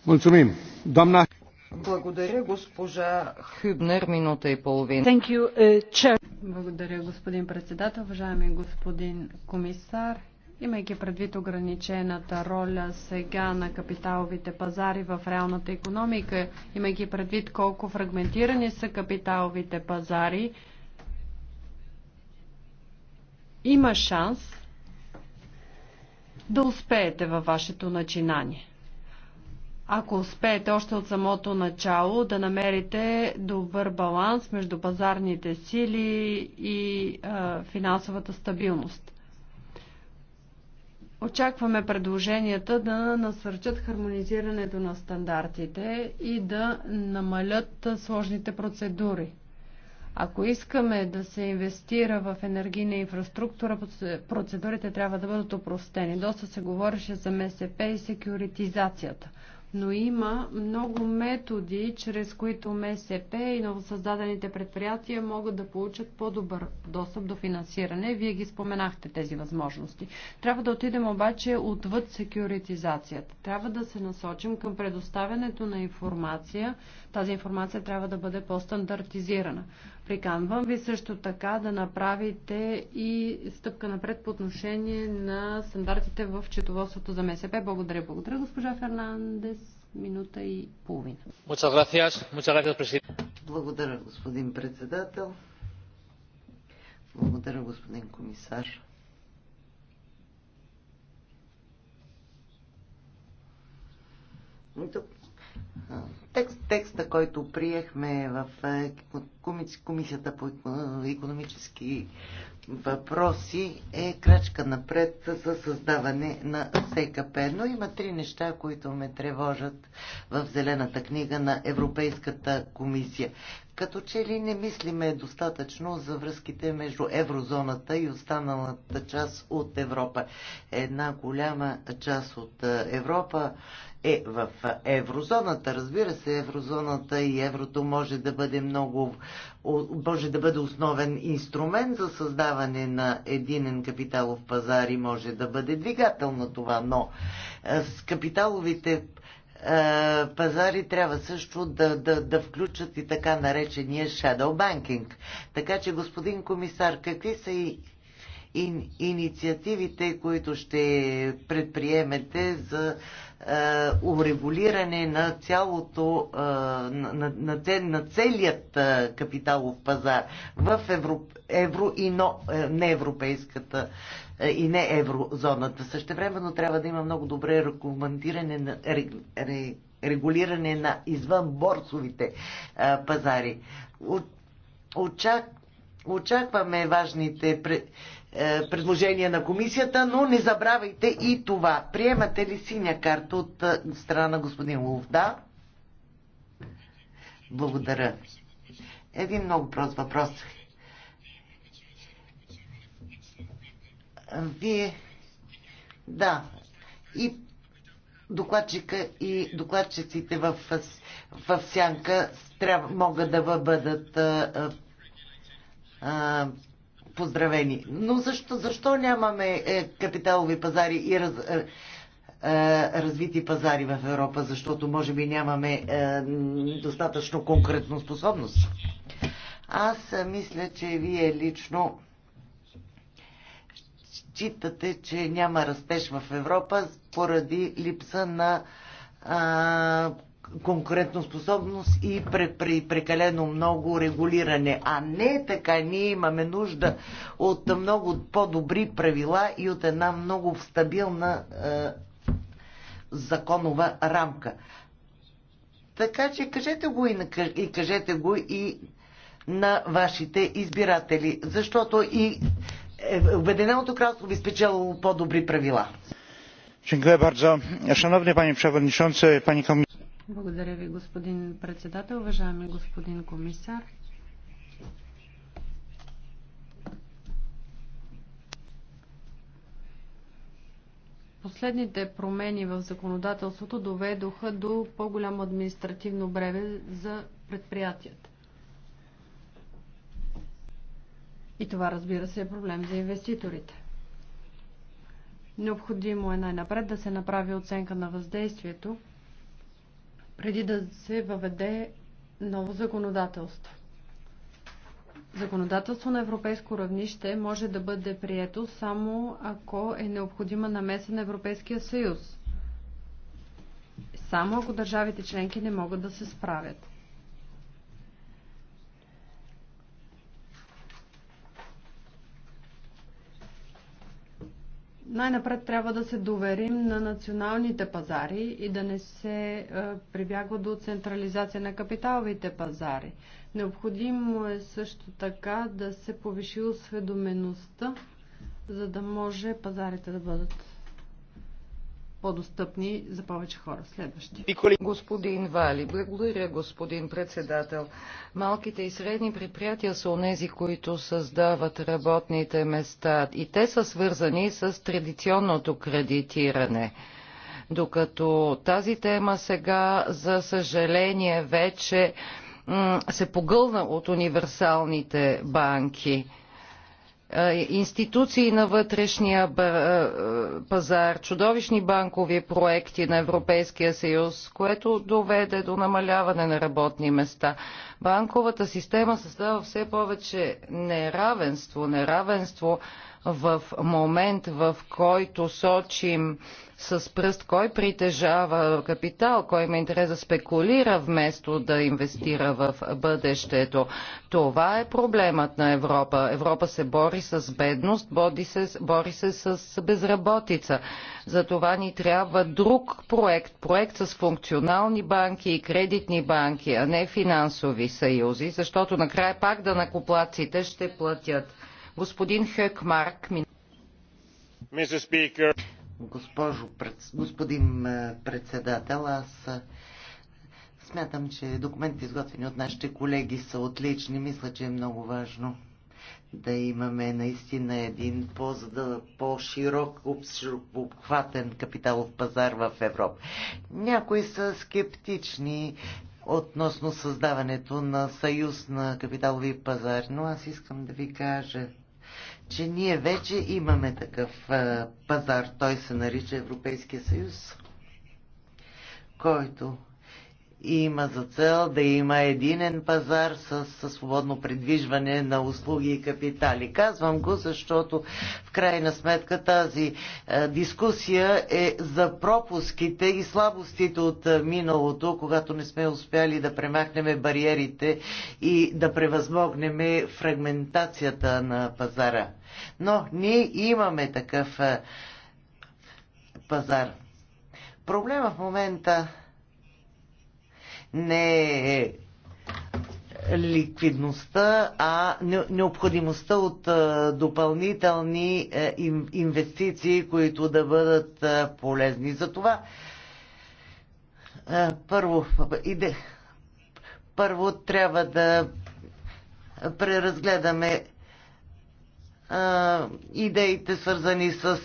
Мулцумим. Doamna благодаря, госпожа Хюбнер, минута и половина. Thank you, uh, Благодаря, господин председател, уважаеми господин комисар. Имайки предвид ограничената роля сега на капиталовите пазари в реалната економика, имайки предвид колко фрагментирани са капиталовите пазари, има шанс да успеете във вашето начинание ако успеете още от самото начало да намерите добър баланс между пазарните сили и а, финансовата стабилност. Очакваме предложенията да насърчат хармонизирането на стандартите и да намалят сложните процедури. Ако искаме да се инвестира в енергийна инфраструктура, процедурите трябва да бъдат опростени. Доста се говореше за МСП и секюритизацията – но има много методи, чрез които МСП и новосъздадените предприятия могат да получат по-добър достъп до финансиране. Вие ги споменахте тези възможности. Трябва да отидем обаче отвъд секюритизацията. Трябва да се насочим към предоставянето на информация. Тази информация трябва да бъде по-стандартизирана. Приканвам ви също така да направите и стъпка напред по отношение на стандартите в четоводството за МСП. Благодаря, благодаря, госпожа Фернандес. Минута и половина. Благодаря, господин председател. Благодаря, господин комисар. Тук текст, текста, който приехме в е, Комисията по е, економически въпроси е крачка напред за създаване на СКП. Но има три неща, които ме тревожат в Зелената книга на Европейската комисия. Като че ли не мислиме достатъчно за връзките между еврозоната и останалата част от Европа. Една голяма част от е, Европа е в еврозоната. Разбира се, еврозоната и еврото може да бъде много може да бъде основен инструмент за създаване на единен капиталов пазар и може да бъде двигател на това, но е, с капиталовите е, пазари трябва също да, да, да включат и така наречения shadow banking. Така че, господин комисар, какви са и ин, инициативите, които ще предприемете за е, урегулиране на цялото, е, на, на, на целият е, капиталов пазар в евро, евро и но, е, не европейската е, и не еврозоната. Същевременно трябва да има много добре рекомендиране на регулиране на извън борсовите е, пазари. Очак, очакваме важните пред е, предложения на комисията, но не забравяйте и това. Приемате ли синя карта от е, страна на господин Лов? Да? Благодаря. Един много прост въпрос. Вие, да, и докладчика и докладчиците в, в сянка трябва, могат да бъдат а, е, а, поздравени. Но защо, защо нямаме е, капиталови пазари и раз, е, е, развити пазари в Европа? Защото може би нямаме достатъчно конкретно способност. Аз мисля, че вие лично считате, че няма растеж в Европа поради липса на а, конкурентоспособност и прекалено много регулиране. А не така. Ние имаме нужда от много по-добри правила и от една много стабилна е, законова рамка. Така че кажете го и, на, и кажете го и на вашите избиратели, защото и е, Обединеното кралство би спечело по-добри правила. Dziękuję bardzo. Szanowny panie przewodniczący, pani komisarz. Благодаря ви, господин председател, уважаеми господин комисар. Последните промени в законодателството доведоха до по-голямо административно бреме за предприятията. И това, разбира се, е проблем за инвеститорите. Необходимо е най-напред да се направи оценка на въздействието преди да се въведе ново законодателство. Законодателство на европейско равнище може да бъде прието само ако е необходима намеса на Европейския съюз. Само ако държавите членки не могат да се справят. най-напред трябва да се доверим на националните пазари и да не се е, прибягва до централизация на капиталовите пазари. Необходимо е също така да се повиши осведомеността, за да може пазарите да бъдат по-достъпни за повече хора. Следващи. Господин Вали, благодаря господин председател. Малките и средни предприятия са онези, които създават работните места и те са свързани с традиционното кредитиране. Докато тази тема сега, за съжаление, вече се погълна от универсалните банки – институции на вътрешния пазар, чудовищни банкови проекти на Европейския съюз, което доведе до намаляване на работни места. Банковата система създава все повече неравенство, неравенство в момент, в който сочим с пръст кой притежава капитал, кой има интерес да спекулира вместо да инвестира в бъдещето. Това е проблемът на Европа. Европа се бори с бедност, бори се, бори се с безработица. За това ни трябва друг проект, проект с функционални банки и кредитни банки, а не финансови съюзи, защото накрая пак да накоплаците ще платят. Господин Хекмарк. Госпожо, господин е, председател, аз е, смятам, че документите изготвени от нашите колеги са отлични. Мисля, че е много важно да имаме наистина един по-широк, обхватен капиталов пазар в Европа. Някои са скептични относно създаването на съюз на капиталови пазар, но аз искам да ви кажа, че ние вече имаме такъв пазар. Той се нарича Европейския съюз, който има за цел да има единен пазар с, с свободно придвижване на услуги и капитали. Казвам го, защото в крайна сметка тази е, дискусия е за пропуските и слабостите от е, миналото, когато не сме успяли да премахнем бариерите и да превъзмогнем фрагментацията на пазара. Но ние имаме такъв е, пазар. Проблема в момента не е ликвидността, а необходимостта от допълнителни е, инвестиции, които да бъдат полезни. Затова първо, иде, първо трябва да преразгледаме идеите, свързани с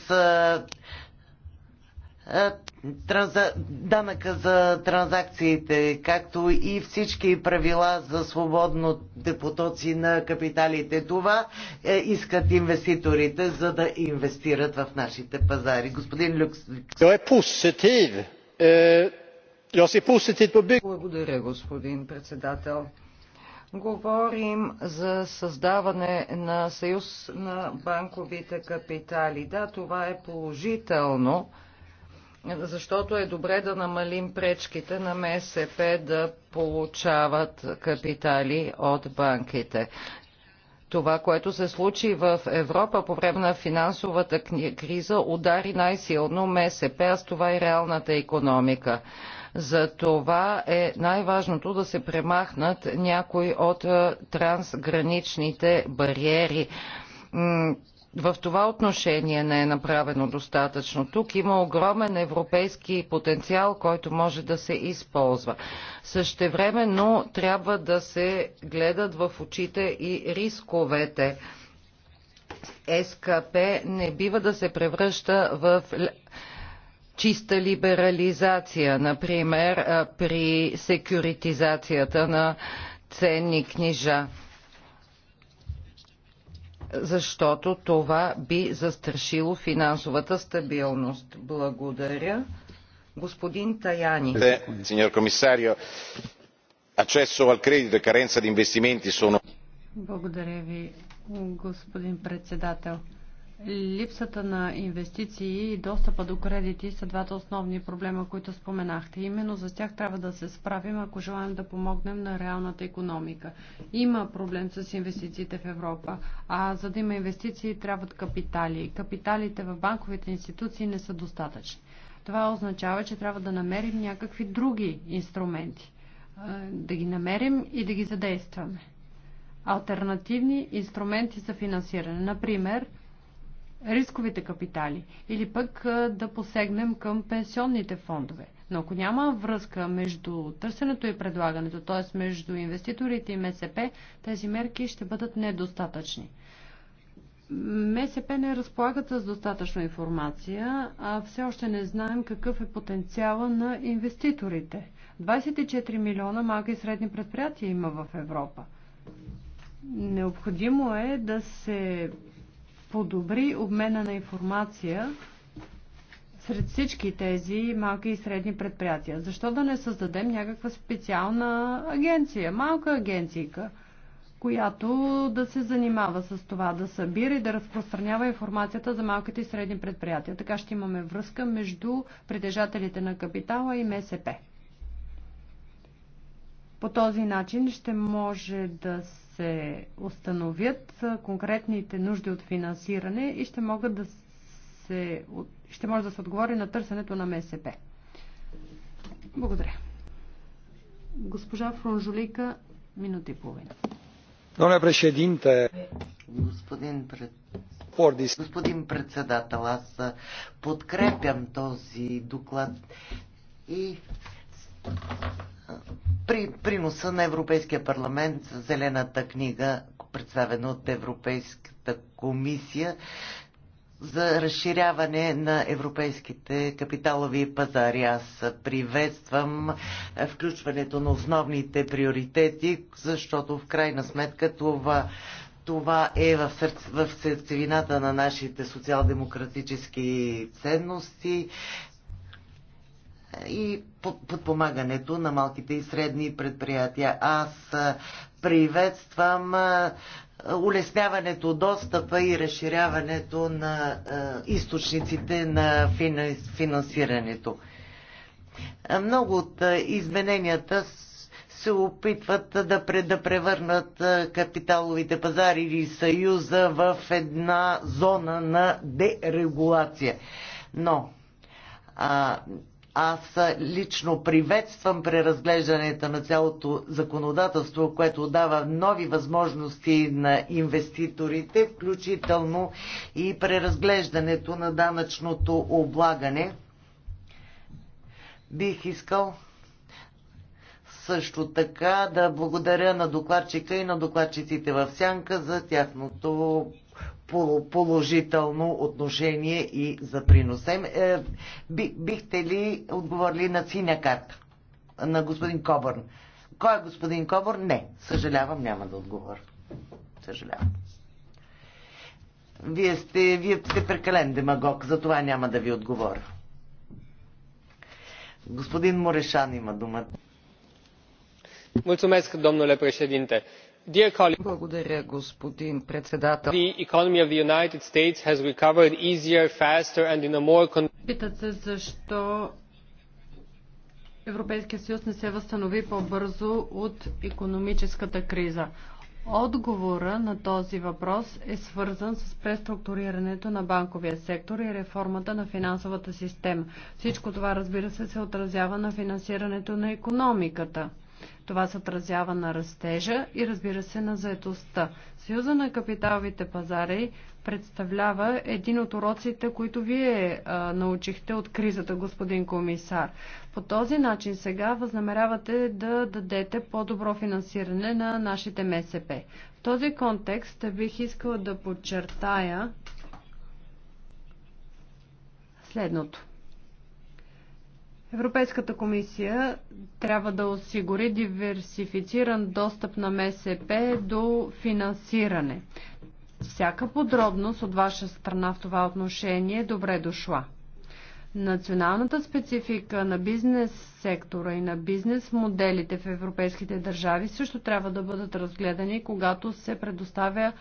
е, транза... данъка за транзакциите, както и всички правила за свободно депутоци на капиталите. Това е, искат инвеститорите, за да инвестират в нашите пазари. Господин Люкс... Я е позитив. Е, я си позитив по Благодаря, господин председател. Говорим за създаване на съюз на банковите капитали. Да, това е положително защото е добре да намалим пречките на МСП да получават капитали от банките. Това, което се случи в Европа по време на финансовата криза, удари най-силно МСП, а с това и реалната економика. За това е най-важното да се премахнат някои от трансграничните бариери в това отношение не е направено достатъчно. Тук има огромен европейски потенциал, който може да се използва. Същевременно трябва да се гледат в очите и рисковете. СКП не бива да се превръща в чиста либерализация, например при секюритизацията на ценни книжа защото това би застрашило финансовата стабилност. Благодаря. Господин Таяни. Е, сеньор комисарио, accesso al credito e carenza di investimenti sono... Благодаря ви, господин председател. Липсата на инвестиции и достъпа до кредити са двата основни проблема, които споменахте. Именно за тях трябва да се справим, ако желаем да помогнем на реалната економика. Има проблем с инвестициите в Европа, а за да има инвестиции трябват капитали. Капиталите в банковите институции не са достатъчни. Това означава, че трябва да намерим някакви други инструменти. Е, да ги намерим и да ги задействаме. Алтернативни инструменти за финансиране. Например, рисковите капитали или пък да посегнем към пенсионните фондове. Но ако няма връзка между търсенето и предлагането, т.е. между инвеститорите и МСП, тези мерки ще бъдат недостатъчни. МСП не разполагат с достатъчно информация, а все още не знаем какъв е потенциала на инвеститорите. 24 милиона малки и средни предприятия има в Европа. Необходимо е да се подобри обмена на информация сред всички тези малки и средни предприятия. Защо да не създадем някаква специална агенция, малка агенцийка, която да се занимава с това, да събира и да разпространява информацията за малките и средни предприятия. Така ще имаме връзка между притежателите на капитала и МСП. По този начин ще може да се установят конкретните нужди от финансиране и ще, могат да се, ще може да се отговори на търсенето на МСП. Благодаря. Госпожа Фронжулика, минута и половина. Доля președинте, господин пред Господин председател, аз подкрепям този доклад и при приноса на Европейския парламент за зелената книга, представена от Европейската комисия за разширяване на европейските капиталови пазари. Аз приветствам включването на основните приоритети, защото в крайна сметка това това е в, сърце, в сърцевината на нашите социал-демократически ценности, и подпомагането на малките и средни предприятия. Аз приветствам улесняването достъпа и разширяването на източниците на финансирането. Много от измененията се опитват да, да превърнат капиталовите пазари или съюза в една зона на дерегулация. Но а, аз лично приветствам преразглеждането на цялото законодателство, което дава нови възможности на инвеститорите, включително и преразглеждането на данъчното облагане. Бих искал също така да благодаря на докладчика и на докладчиците в Сянка за тяхното положително отношение и за приносем. Е, бихте ли отговорили на синя карта на господин Кобърн? Кой е господин Кобърн? Не, съжалявам, няма да отговоря. Съжалявам. Вие сте, вие сте прекален демагог, за това няма да ви отговоря. Господин Морешан има думата. Mulțumesc, domnule președinte благодаря, господин председател. Питат се защо Европейския съюз не се възстанови по-бързо от економическата криза. Отговора на този въпрос е свързан с преструктурирането на банковия сектор и реформата на финансовата система. Всичко това, разбира се, се отразява на финансирането на економиката. Това се отразява на растежа и разбира се на заетостта. Съюза на капиталовите пазари представлява един от уроците, които вие а, научихте от кризата, господин комисар. По този начин сега възнамерявате да дадете по-добро финансиране на нашите МСП. В този контекст бих искала да подчертая следното. Европейската комисия трябва да осигури диверсифициран достъп на МСП до финансиране. Всяка подробност от ваша страна в това отношение е добре дошла. Националната специфика на бизнес сектора и на бизнес моделите в европейските държави също трябва да бъдат разгледани, когато се предоставя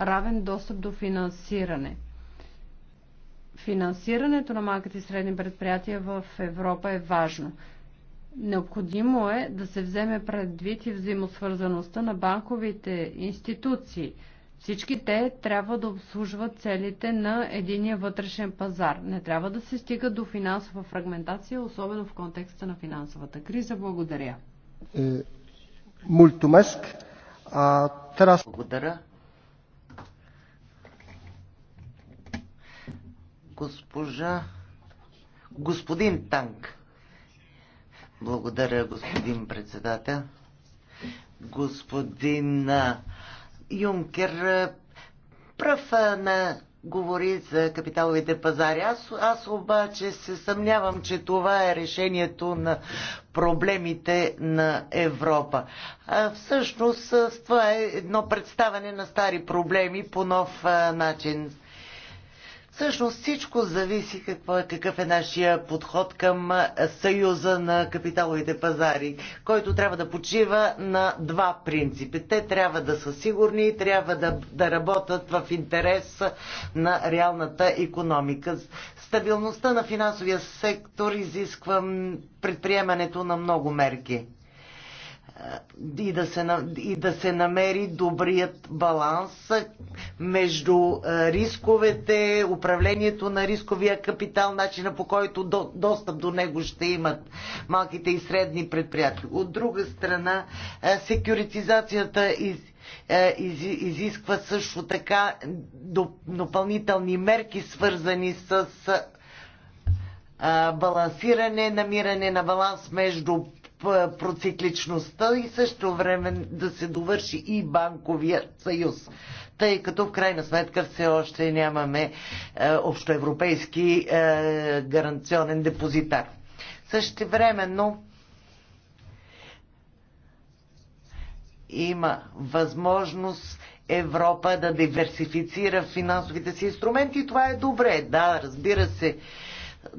равен достъп до финансиране финансирането на малките и средни предприятия в Европа е важно. Необходимо е да се вземе предвид и взаимосвързаността на банковите институции. Всички те трябва да обслужват целите на единия вътрешен пазар. Не трябва да се стига до финансова фрагментация, особено в контекста на финансовата криза. Благодаря. Е, мултумеск. Благодаря. Госпожа... Господин Танк. Благодаря, господин председател. Господин Юнкер пръв на говори за капиталовите пазари. Аз, аз обаче се съмнявам, че това е решението на проблемите на Европа. А, всъщност това е едно представане на стари проблеми по нов а, начин. Всъщност всичко зависи какво е, какъв е нашия подход към съюза на капиталовите пазари, който трябва да почива на два принципи. Те трябва да са сигурни и трябва да, да работят в интерес на реалната економика. Стабилността на финансовия сектор изисква предприемането на много мерки и да се, и да се намери добрият баланс, между е, рисковете, управлението на рисковия капитал, начина по който до, достъп до него ще имат малките и средни предприятия. От друга страна, е, секюритизацията из, е, из, изисква също така допълнителни мерки, свързани с балансиране, намиране на баланс между процикличността и също време да се довърши и банковия съюз тъй като в крайна сметка все още нямаме е, общоевропейски е, гаранционен депозитар. Същевременно има възможност Европа да диверсифицира финансовите си инструменти. Това е добре. Да, разбира се,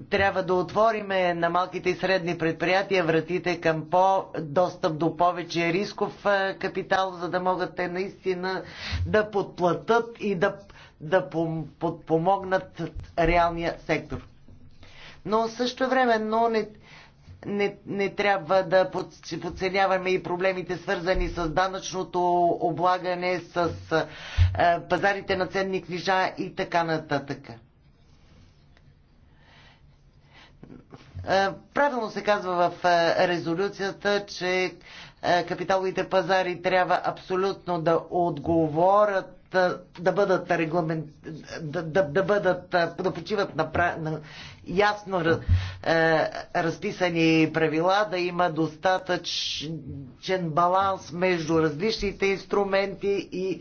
трябва да отвориме на малките и средни предприятия вратите към по достъп до повече рисков капитал, за да могат те наистина да подплатат и да, да подпомогнат реалния сектор. Но също време, но не, не, не трябва да подценяваме и проблемите свързани с данъчното облагане, с пазарите на ценни книжа и така нататък. Е, правилно се казва в е, резолюцията, че е, капиталовите пазари трябва абсолютно да отговорят да бъдат регламент, да, да, да бъдат, да почиват на, на ясно е, разписани правила, да има достатъчен баланс между различните инструменти и е,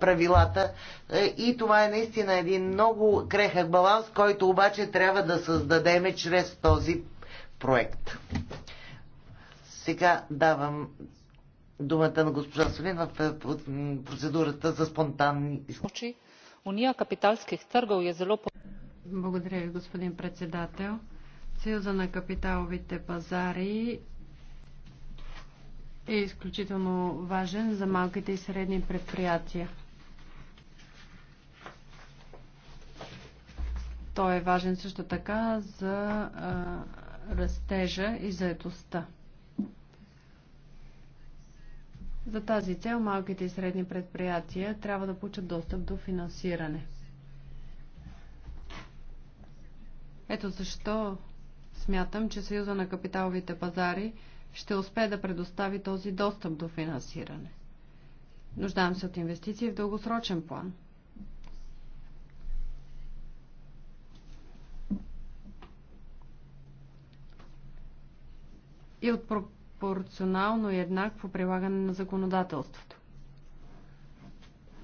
правилата. Е, и това е наистина един много крехък баланс, който обаче трябва да създадеме чрез този проект. Сега давам думата на госпожа Солин в процедурата за спонтанни изключи. Уния капиталских търгов е zelo благодаря ви, господин председател. Съюза на капиталовите пазари е изключително важен за малките и средни предприятия. Той е важен също така за а, растежа и заедостта. За тази цел малките и средни предприятия трябва да получат достъп до финансиране. Ето защо смятам, че Съюза на капиталовите пазари ще успее да предостави този достъп до финансиране. Нуждавам се от инвестиции в дългосрочен план. И от пропорционално и еднакво прилагане на законодателството.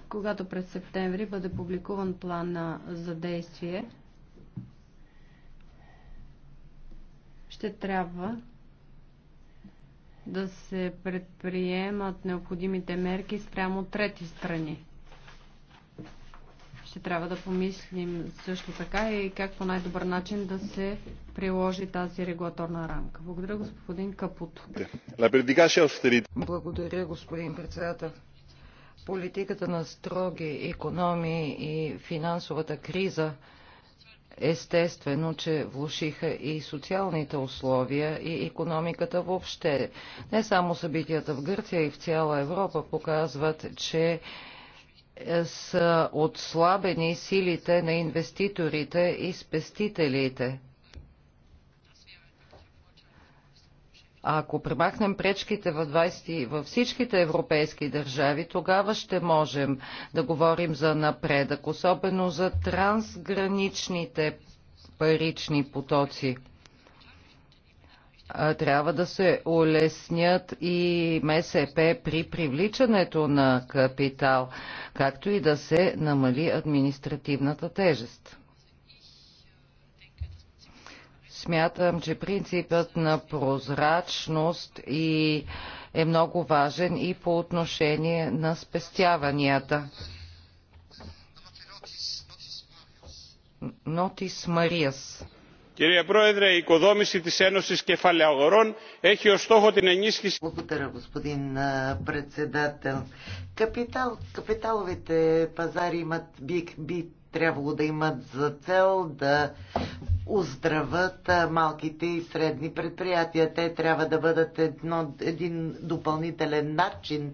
Когато през септември бъде публикуван план за действие, ще трябва да се предприемат необходимите мерки спрямо трети страни. Ще трябва да помислим също така и как по най-добър начин да се приложи тази регулаторна рамка. Благодаря господин Капуто. Благодаря господин председател. Политиката на строги економии и финансовата криза Естествено, че влушиха и социалните условия и економиката въобще. Не само събитията в Гърция и в цяла Европа показват, че е, са отслабени силите на инвеститорите и спестителите. Ако премахнем пречките в 20, във всичките европейски държави, тогава ще можем да говорим за напредък, особено за трансграничните парични потоци трябва да се улеснят и МСП при привличането на капитал, както и да се намали административната тежест смятам, че принципът на прозрачност и е много важен и по отношение на спестяванията. Нотис Мариас. Κυρία Πρόεδρε, η οικοδόμηση της Ένωσης Κεφαλαιογορών έχει ως στόχο την ενίσχυση... Благодаря, господин председател. Капитал, капиталовите пазари имат бик, бит, трябвало да имат за цел да оздрават малките и средни предприятия. Те трябва да бъдат едно, един допълнителен начин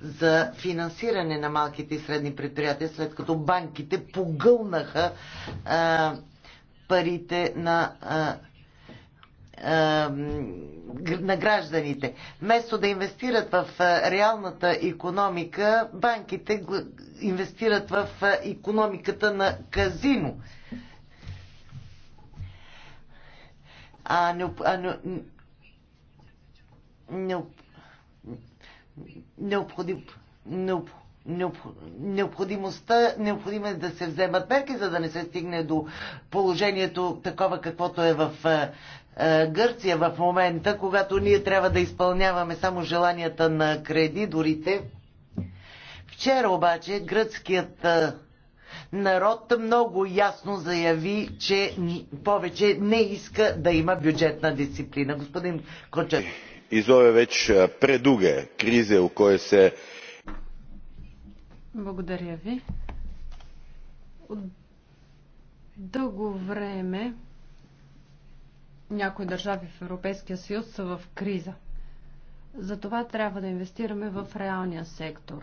за финансиране на малките и средни предприятия, след като банките погълнаха а, парите на а, на гражданите. Вместо да инвестират в реалната економика, банките инвестират в економиката на казино. А, не, а не, не, необходим, необ, необ, необходимостта, необходимо е да се вземат мерки, за да не се стигне до положението такова, каквото е в е, Гърция в момента, когато ние трябва да изпълняваме само желанията на кредиторите. Вчера обаче гръцкият е, народ много ясно заяви, че повече не иска да има бюджетна дисциплина. Господин Кочев. изове вече предуге кризе, у кое се... Благодаря ви. От дълго време някои държави в Европейския съюз са в криза. Затова трябва да инвестираме в реалния сектор.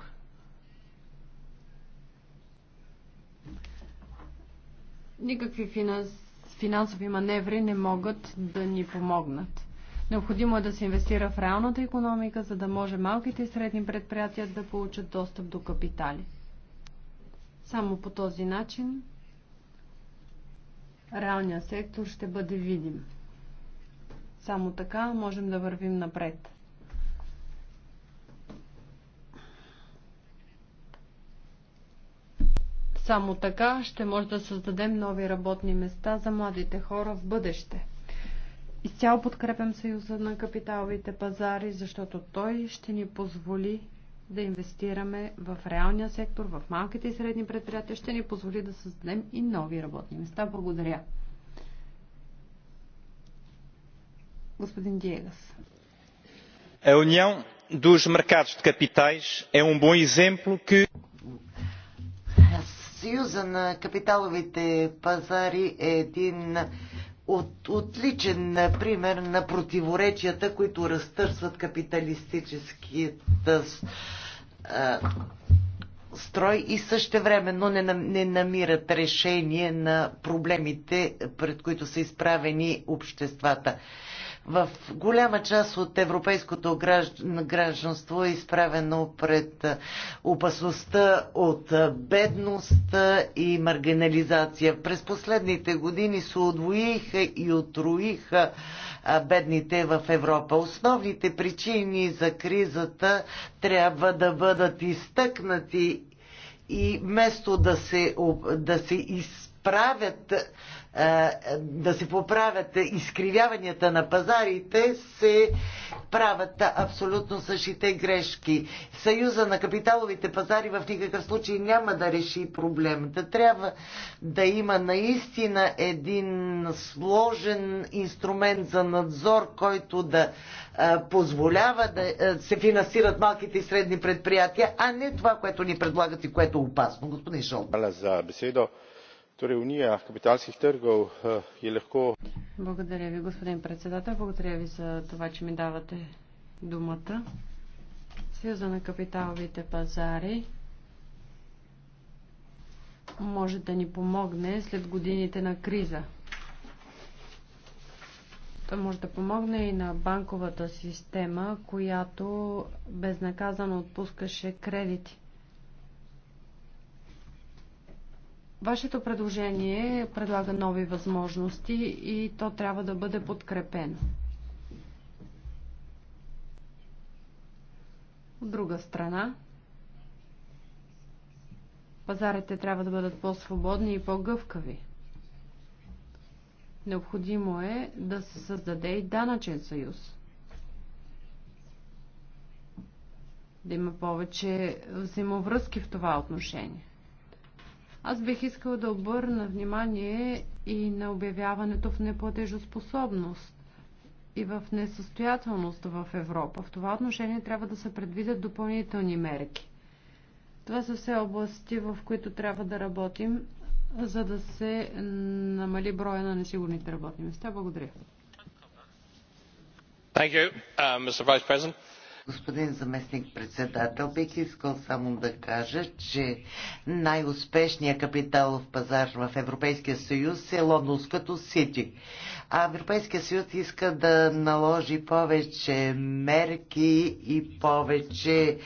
Никакви финанс... финансови маневри не могат да ни помогнат. Необходимо е да се инвестира в реалната економика, за да може малките и средни предприятия да получат достъп до капитали. Само по този начин реалният сектор ще бъде видим. Само така можем да вървим напред. Само така ще може да създадем нови работни места за младите хора в бъдеще. Изцяло подкрепям Съюза на капиталовите пазари, защото той ще ни позволи да инвестираме в реалния сектор, в малките и средни предприятия, ще ни позволи да създадем и нови работни места. Благодаря. Господин Диегас. A União dos Mercados de Capitais é um bom exemplo que. Съюза на капиталовите пазари е един от, отличен пример на противоречията, които разтърсват капиталистическият строй и същевременно не, не намират решение на проблемите, пред които са изправени обществата в голяма част от европейското гражданство е изправено пред опасността от бедност и маргинализация. През последните години се отвоиха и отруиха бедните в Европа. Основните причини за кризата трябва да бъдат изтъкнати и вместо да се, да се изправят е, да се поправят изкривяванията на пазарите, се правят абсолютно същите грешки. Съюза на капиталовите пазари в никакъв случай няма да реши проблемата. Трябва да има наистина един сложен инструмент за надзор, който да е, позволява да е, се финансират малките и средни предприятия, а не това, което ни предлагат и което е опасно. Господин Шолт. Torej, unija kapitalskih trgov eh, je lahko. Благодаря ви, господин председател. Благодаря ви за това, че ми давате думата. Съюза на капиталовите пазари може да ни помогне след годините на криза. Той може да помогне и на банковата система, която безнаказано отпускаше кредити. Вашето предложение предлага нови възможности и то трябва да бъде подкрепено. От друга страна, пазарите трябва да бъдат по-свободни и по-гъвкави. Необходимо е да се създаде и данъчен съюз. Да има повече взаимовръзки в това отношение. Аз бих искала да обърна внимание и на обявяването в неплатежоспособност и в несъстоятелност в Европа. В това отношение трябва да се предвидят допълнителни мерки. Това са все области, в които трябва да работим, за да се намали броя на несигурните работни места. Благодаря. Thank you, uh, Mr. Vice President. Господин заместник председател, бих искал само да кажа, че най-успешният капиталов пазар в Европейския съюз е Лондонското Сити. А Европейския съюз иска да наложи повече мерки и повече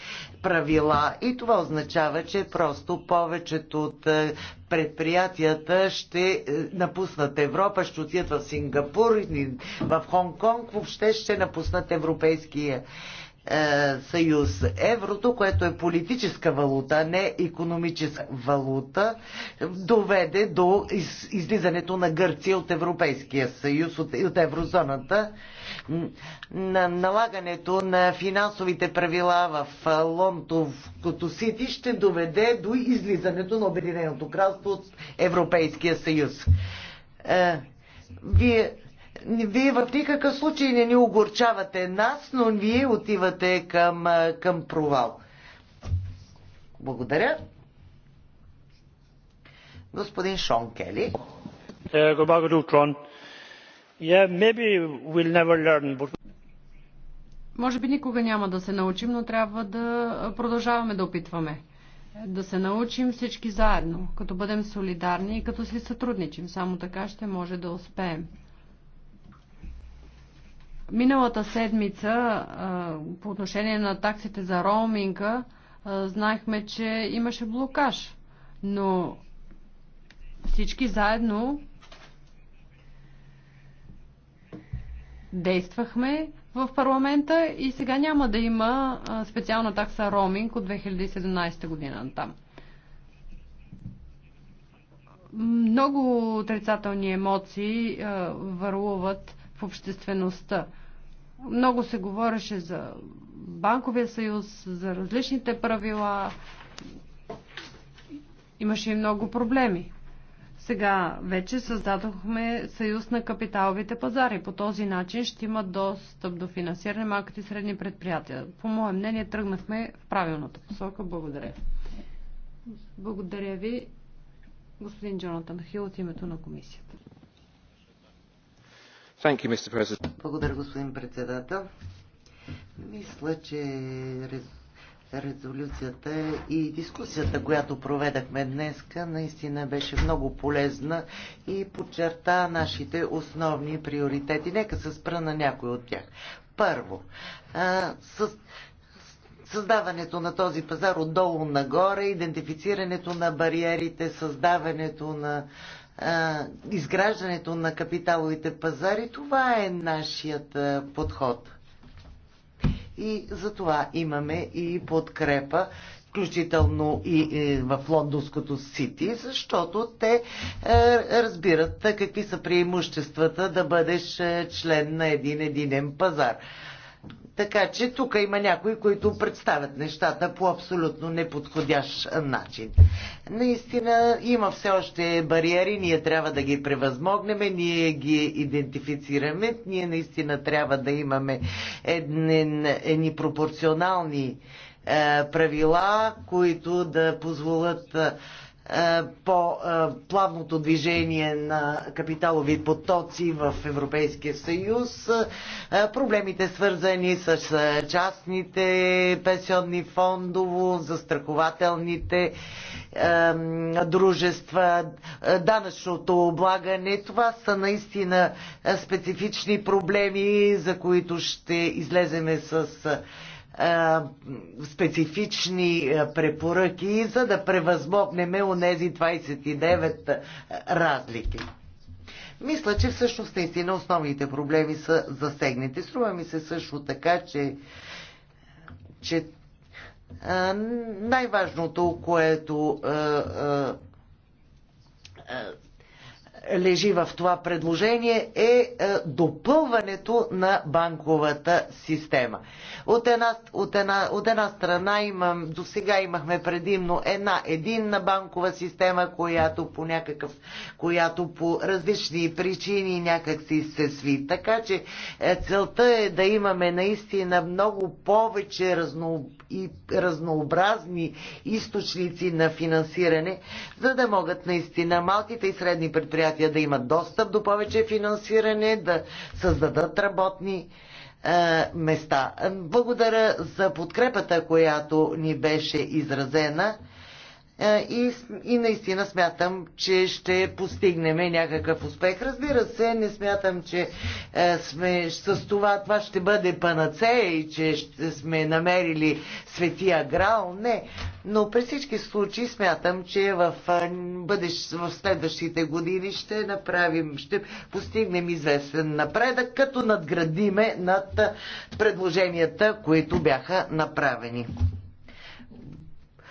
правила. И това означава, че просто повечето от е, предприятията ще е, напуснат Европа, ще отидат в Сингапур, в Хонг-Конг, въобще ще напуснат Европейския съюз е, съюз. Еврото, което е политическа валута, не економическа валута, доведе до из, излизането на Гърция от Европейския съюз, от, от еврозоната. На налагането на финансовите правила в е, Лондонското Сити ще доведе до излизането на Обединеното кралство от Европейския съюз. Е, вие вие в никакъв случай не ни огорчавате нас, но вие отивате към, към провал. Благодаря. Господин Шон Кели. Може би никога няма да се научим, но трябва да продължаваме да опитваме да се научим всички заедно, като бъдем солидарни и като си сътрудничим. Само така ще може да успеем. Миналата седмица по отношение на таксите за роуминга знаехме, че имаше блокаж, но всички заедно действахме в парламента и сега няма да има специална такса роуминг от 2017 година там. Много отрицателни емоции върлуват в обществеността. Много се говореше за банковия съюз, за различните правила. Имаше и много проблеми. Сега вече създадохме съюз на капиталовите пазари. По този начин ще имат достъп до финансиране малките и средни предприятия. По мое мнение тръгнахме в правилната посока. Благодаря. Благодаря ви, господин Джонатан Хил, от името на комисията. Благодаря, господин председател. Мисля, че резолюцията и дискусията, която проведахме днес, наистина беше много полезна и подчерта нашите основни приоритети. Нека се спра на някой от тях. Първо, а, с създаването на този пазар отдолу нагоре, идентифицирането на бариерите, създаването на изграждането на капиталовите пазари, това е нашият подход. И за това имаме и подкрепа, включително и е, в лондонското Сити, защото те е, разбират какви са преимуществата да бъдеш е, член на един единен пазар. Така че тук има някои, които представят нещата по абсолютно неподходящ начин. Наистина има все още бариери, ние трябва да ги превъзмогнем, ние ги идентифицираме, ние наистина трябва да имаме едни, едни пропорционални е, правила, които да позволят. Е, е, по е, плавното движение на капиталови потоци в Европейския съюз, е, проблемите свързани с частните пенсионни фондово, застрахователните дружества, данъчното облагане. Това са наистина специфични проблеми, за които ще излеземе с е, специфични е, препоръки, за да превъзмогнем у нези 29 е, разлики. Мисля, че всъщност наистина основните проблеми са засегнати. Струва ми се също така, че, че най-важното, което а, а, лежи в това предложение е, е допълването на банковата система. От една, от една, от една страна имам, до сега имахме предимно една единна банкова система, която по някакъв, която по различни причини някакси се сви. Така че е, целта е да имаме наистина много повече разно, и разнообразни източници на финансиране, за да могат наистина малките и средни предприятия предприятия да имат достъп до повече финансиране, да създадат работни е, места. Благодаря за подкрепата, която ни беше изразена. Е, и, и наистина смятам, че ще постигнем някакъв успех. Разбира се, не смятам, че е, сме с това, това ще бъде панацея и че ще сме намерили светия грал. Не. Но при всички случаи смятам, че в, е, бъдеш, в следващите години ще направим, ще постигнем известен напредък, като надградиме над предложенията, които бяха направени.